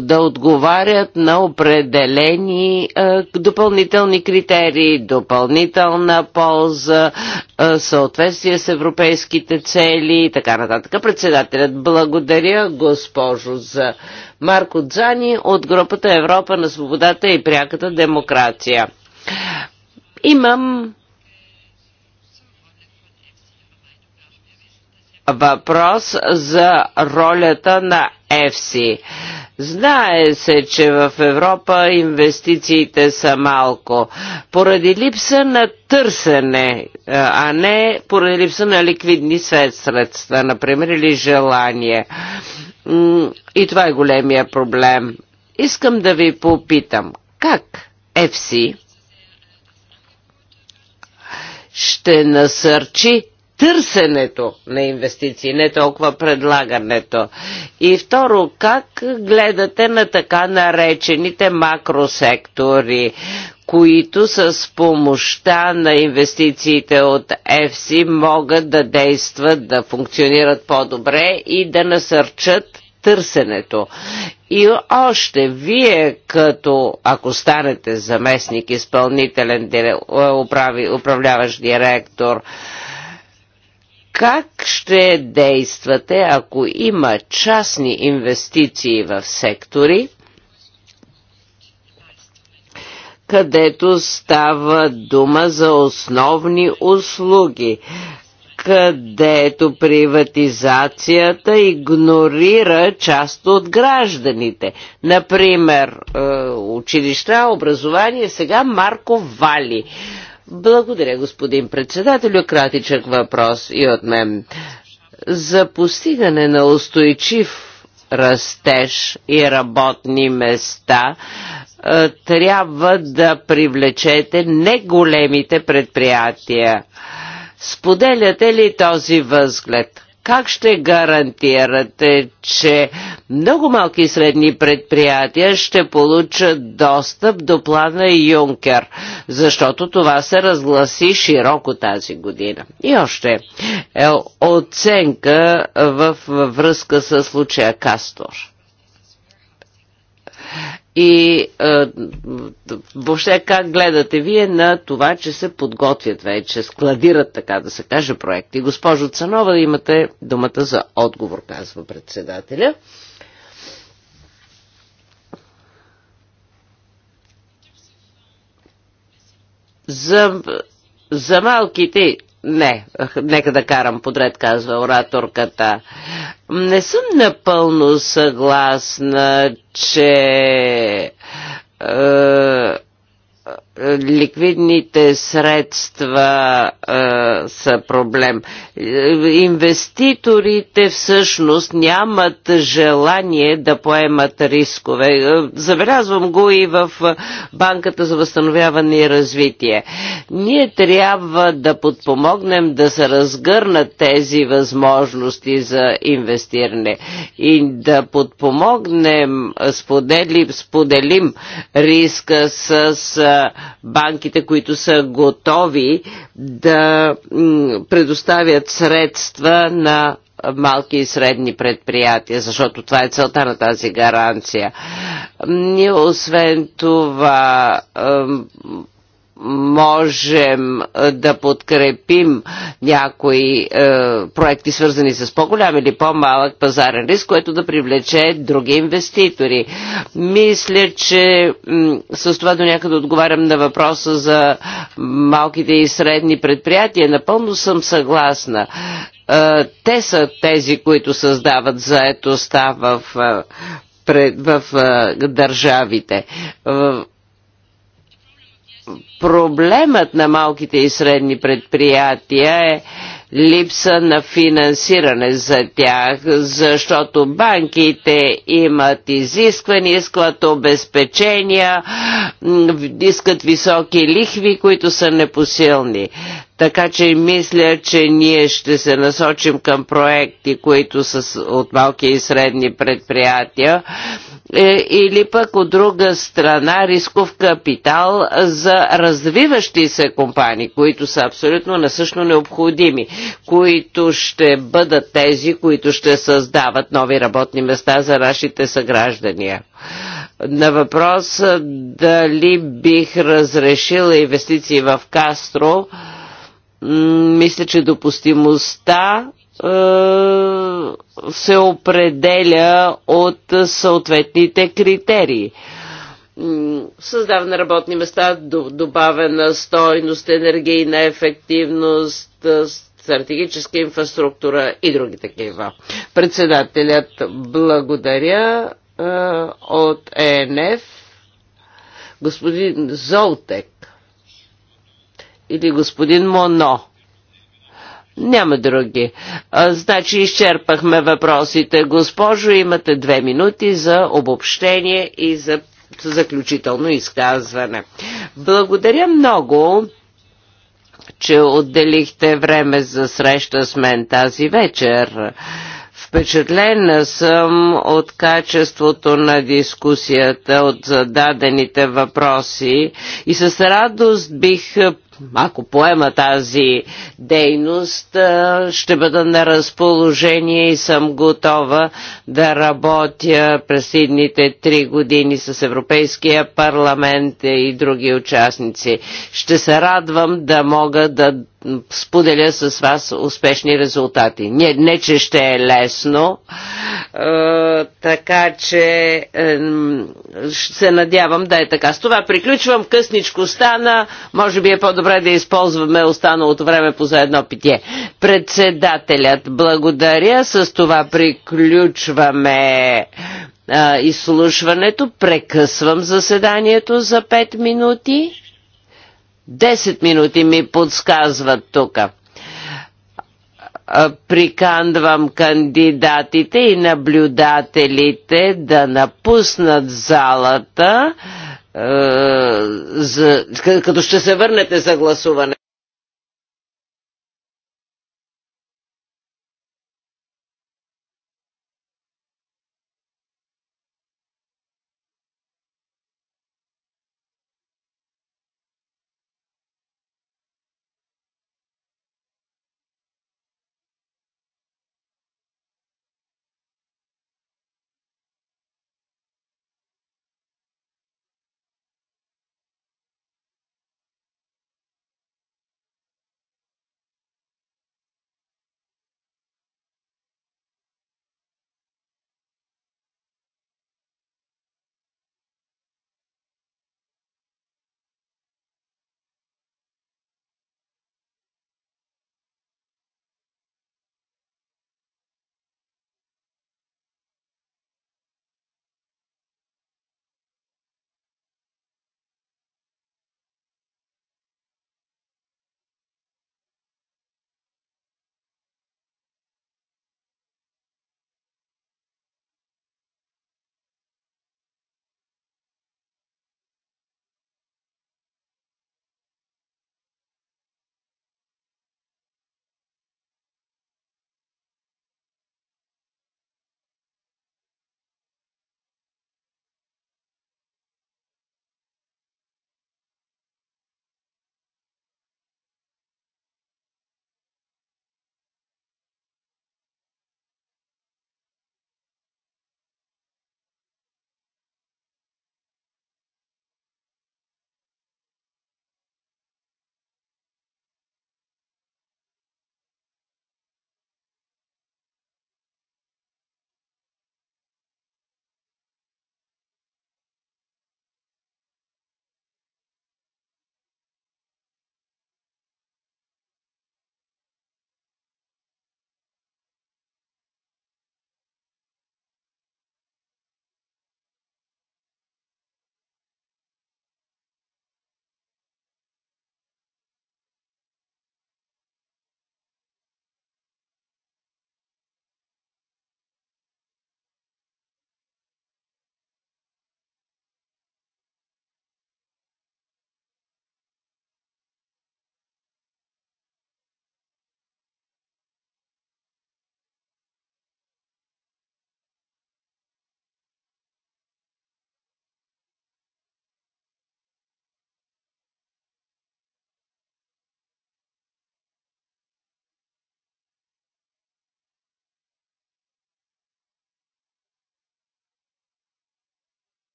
да отговарят на определени е, допълнителни критерии, допълнителна полза, е, съответствие с европейските цели и така нататък. Председателят, благодаря госпожо за Марко Дзани от групата Европа на свободата и пряката демокрация. Имам въпрос за ролята на ЕФСИ. Знае се, че в Европа инвестициите са малко. Поради липса на търсене, а не поради липса на ликвидни средства, например, или желание. И това е големия проблем. Искам да ви попитам, как ЕФСИ ще насърчи търсенето на инвестиции, не толкова предлагането. И второ, как гледате на така наречените макросектори, които с помощта на инвестициите от ЕФСИ могат да действат, да функционират по-добре и да насърчат търсенето. И още вие, като ако станете заместник, изпълнителен управляващ директор, как ще действате, ако има частни инвестиции в сектори, където става дума за основни услуги, където приватизацията игнорира част от гражданите. Например, е, училища, образование, сега Марко Вали благодаря, господин председател, Кратичък въпрос и от мен. За постигане на устойчив растеж и работни места, е, трябва да привлечете не големите предприятия. Споделяте ли този възглед? Как ще гарантирате, че много малки и средни предприятия ще получат достъп до плана Юнкер? Защото това се разгласи широко тази година. И още е оценка в връзка с случая Кастор и е, въобще как гледате вие на това, че се подготвят вече, складират, така да се каже, проекти. Госпожо Цанова, имате думата за отговор, казва председателя. За, за малките не, нека да карам подред, казва ораторката. Не съм напълно съгласна, че е, ликвидните средства а, са проблем. Инвеститорите всъщност нямат желание да поемат рискове. Забелязвам го и в Банката за възстановяване и развитие. Ние трябва да подпомогнем да се разгърнат тези възможности за инвестиране и да подпомогнем, споделим, споделим риска с банките, които са готови да предоставят средства на малки и средни предприятия, защото това е целта на тази гаранция. Ние освен това можем е, да подкрепим някои е, проекти, свързани с по-голям или по-малък пазарен риск, което да привлече други инвеститори. Мисля, че с това до някъде отговарям на въпроса за малките и средни предприятия. Напълно съм съгласна е, те са тези, които създават заетостта в, е, в, в държавите проблемът на малките и средни предприятия е липса на финансиране за тях, защото банките имат изисквания, искат обезпечения, искат високи лихви, които са непосилни. Така че мисля, че ние ще се насочим към проекти, които са от малки и средни предприятия е, или пък от друга страна рисков капитал за развиващи се компании, които са абсолютно насъщно необходими, които ще бъдат тези, които ще създават нови работни места за нашите съграждания. На въпрос е, дали бих разрешила инвестиции в Кастро, мисля, че допустимостта е, се определя от съответните критерии. Създаване на работни места, добавена стойност, енергийна ефективност, е, стратегическа инфраструктура и други такива. Председателят благодаря е, от ЕНФ господин Золтек или господин Моно. Няма други. А, значи изчерпахме въпросите. Госпожо, имате две минути за обобщение и за заключително изказване. Благодаря много че отделихте време за среща с мен тази вечер. Впечатлена съм от качеството на дискусията, от зададените въпроси и с радост бих ако поема тази дейност, ще бъда на разположение и съм готова да работя през следните три години с Европейския парламент и други участници. Ще се радвам да мога да споделя с вас успешни резултати. Не, не че ще е лесно, е, така че е, се надявам да е така. С това приключвам. Късничко стана. Може би е по-добре добре да използваме останалото време по за едно питие. Председателят, благодаря. С това приключваме а, изслушването. Прекъсвам заседанието за 5 минути. 10 минути ми подсказват тук приканвам кандидатите и наблюдателите да напуснат залата. Е, за, като ще се върнете за гласуване.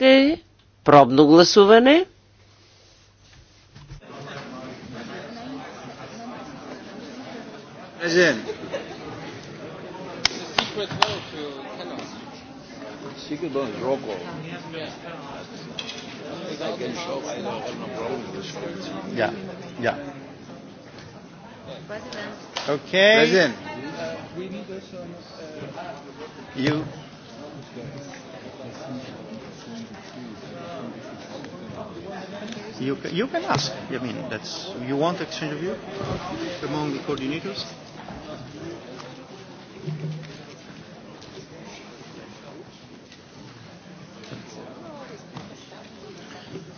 Те пробно гласуване. Secret vote, roll call. I can show I Yeah, yeah. President. Okay. President. We need also. You. You, ca you can ask. I mean, that's you want exchange of view among the coordinators.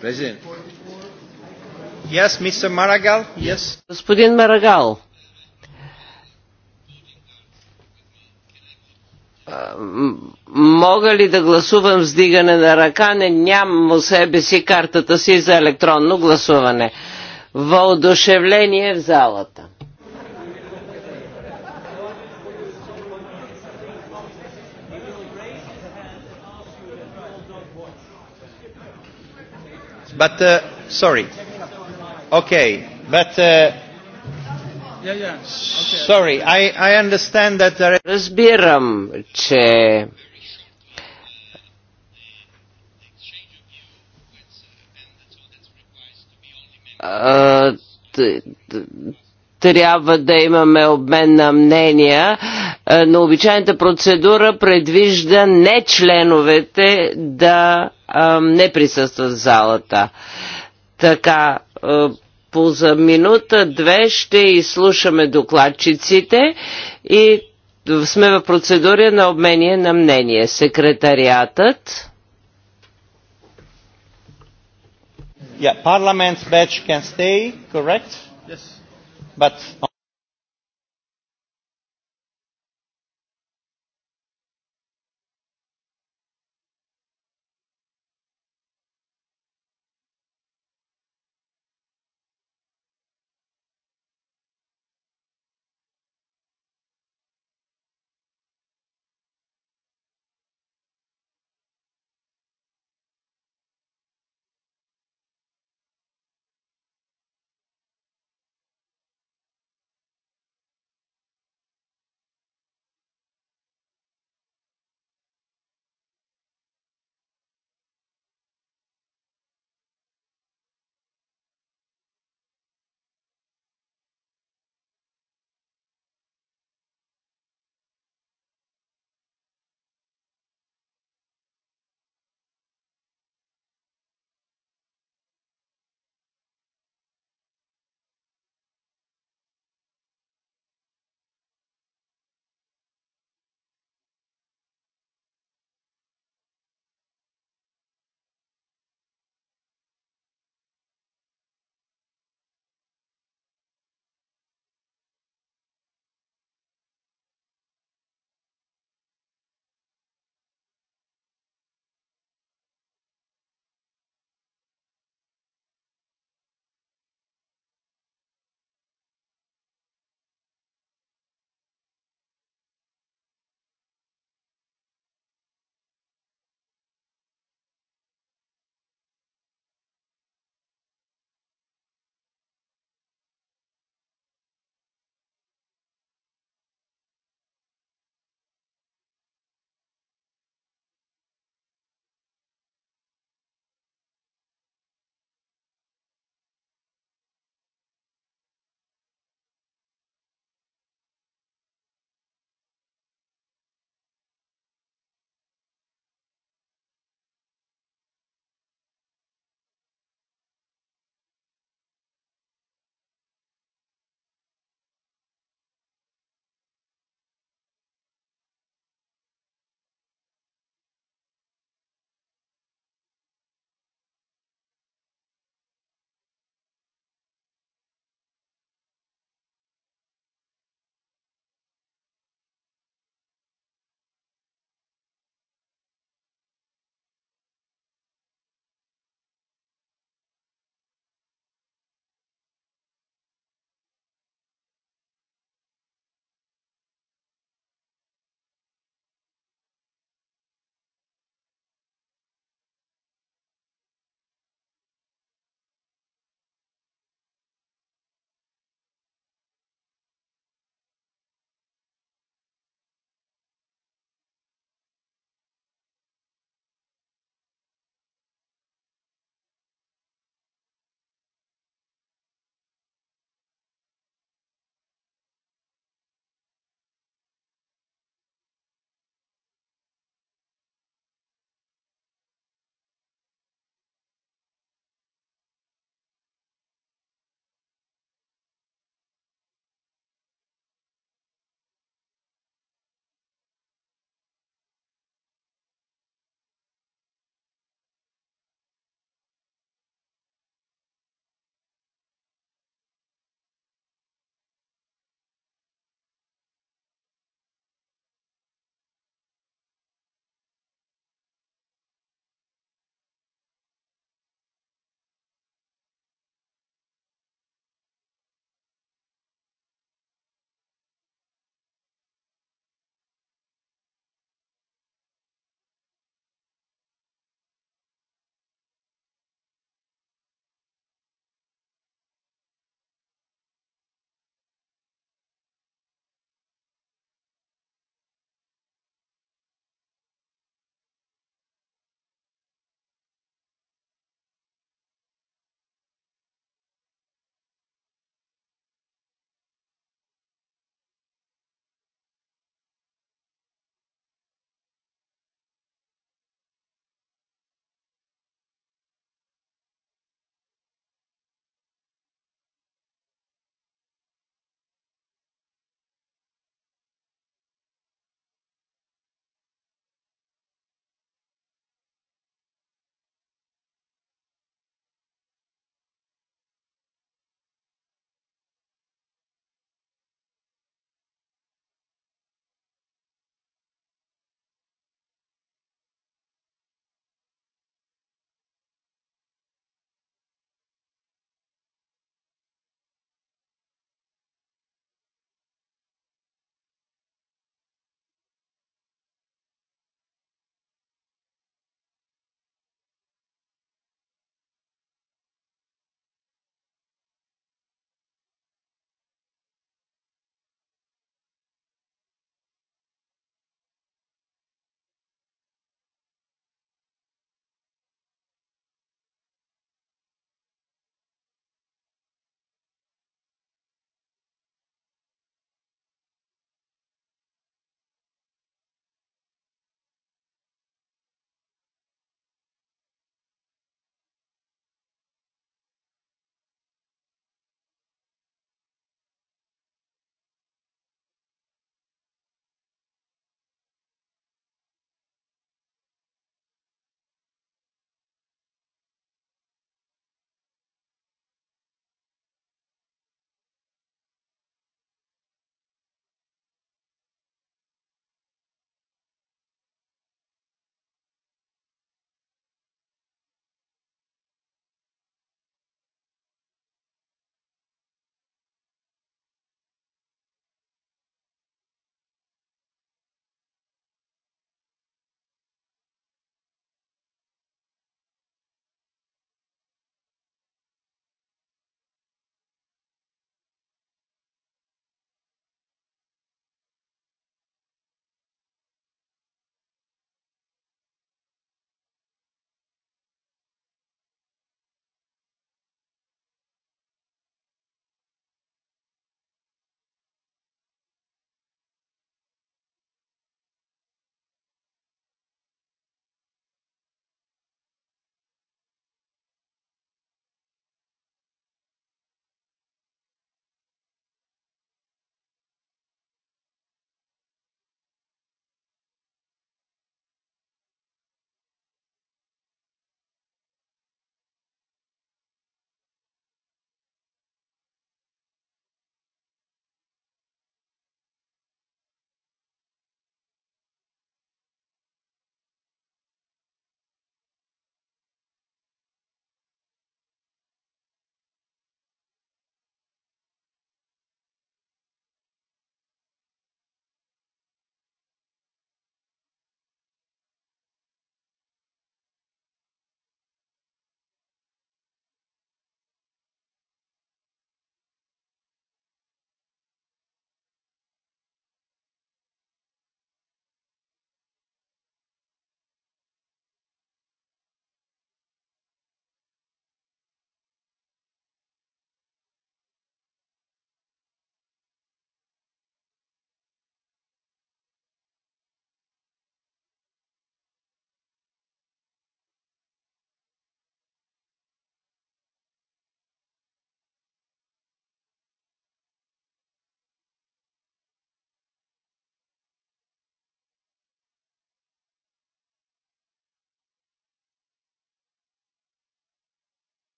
President. Yes, Mr. Maragall. Yes. Господин Марагал. мога ли да гласувам с дигане на ръка, не нямам у себе си картата си за електронно гласуване. Въодушевление в залата. But, uh, sorry. Okay, but uh, Sorry, I, I understand that there... Разбирам, че трябва да имаме обмен на мнения, но обичайната процедура предвижда не членовете да не присъстват в залата. Така, по за минута-две ще изслушаме докладчиците и сме в процедура на обмение на мнение. Секретариатът. Yeah, can stay, correct? Yes. But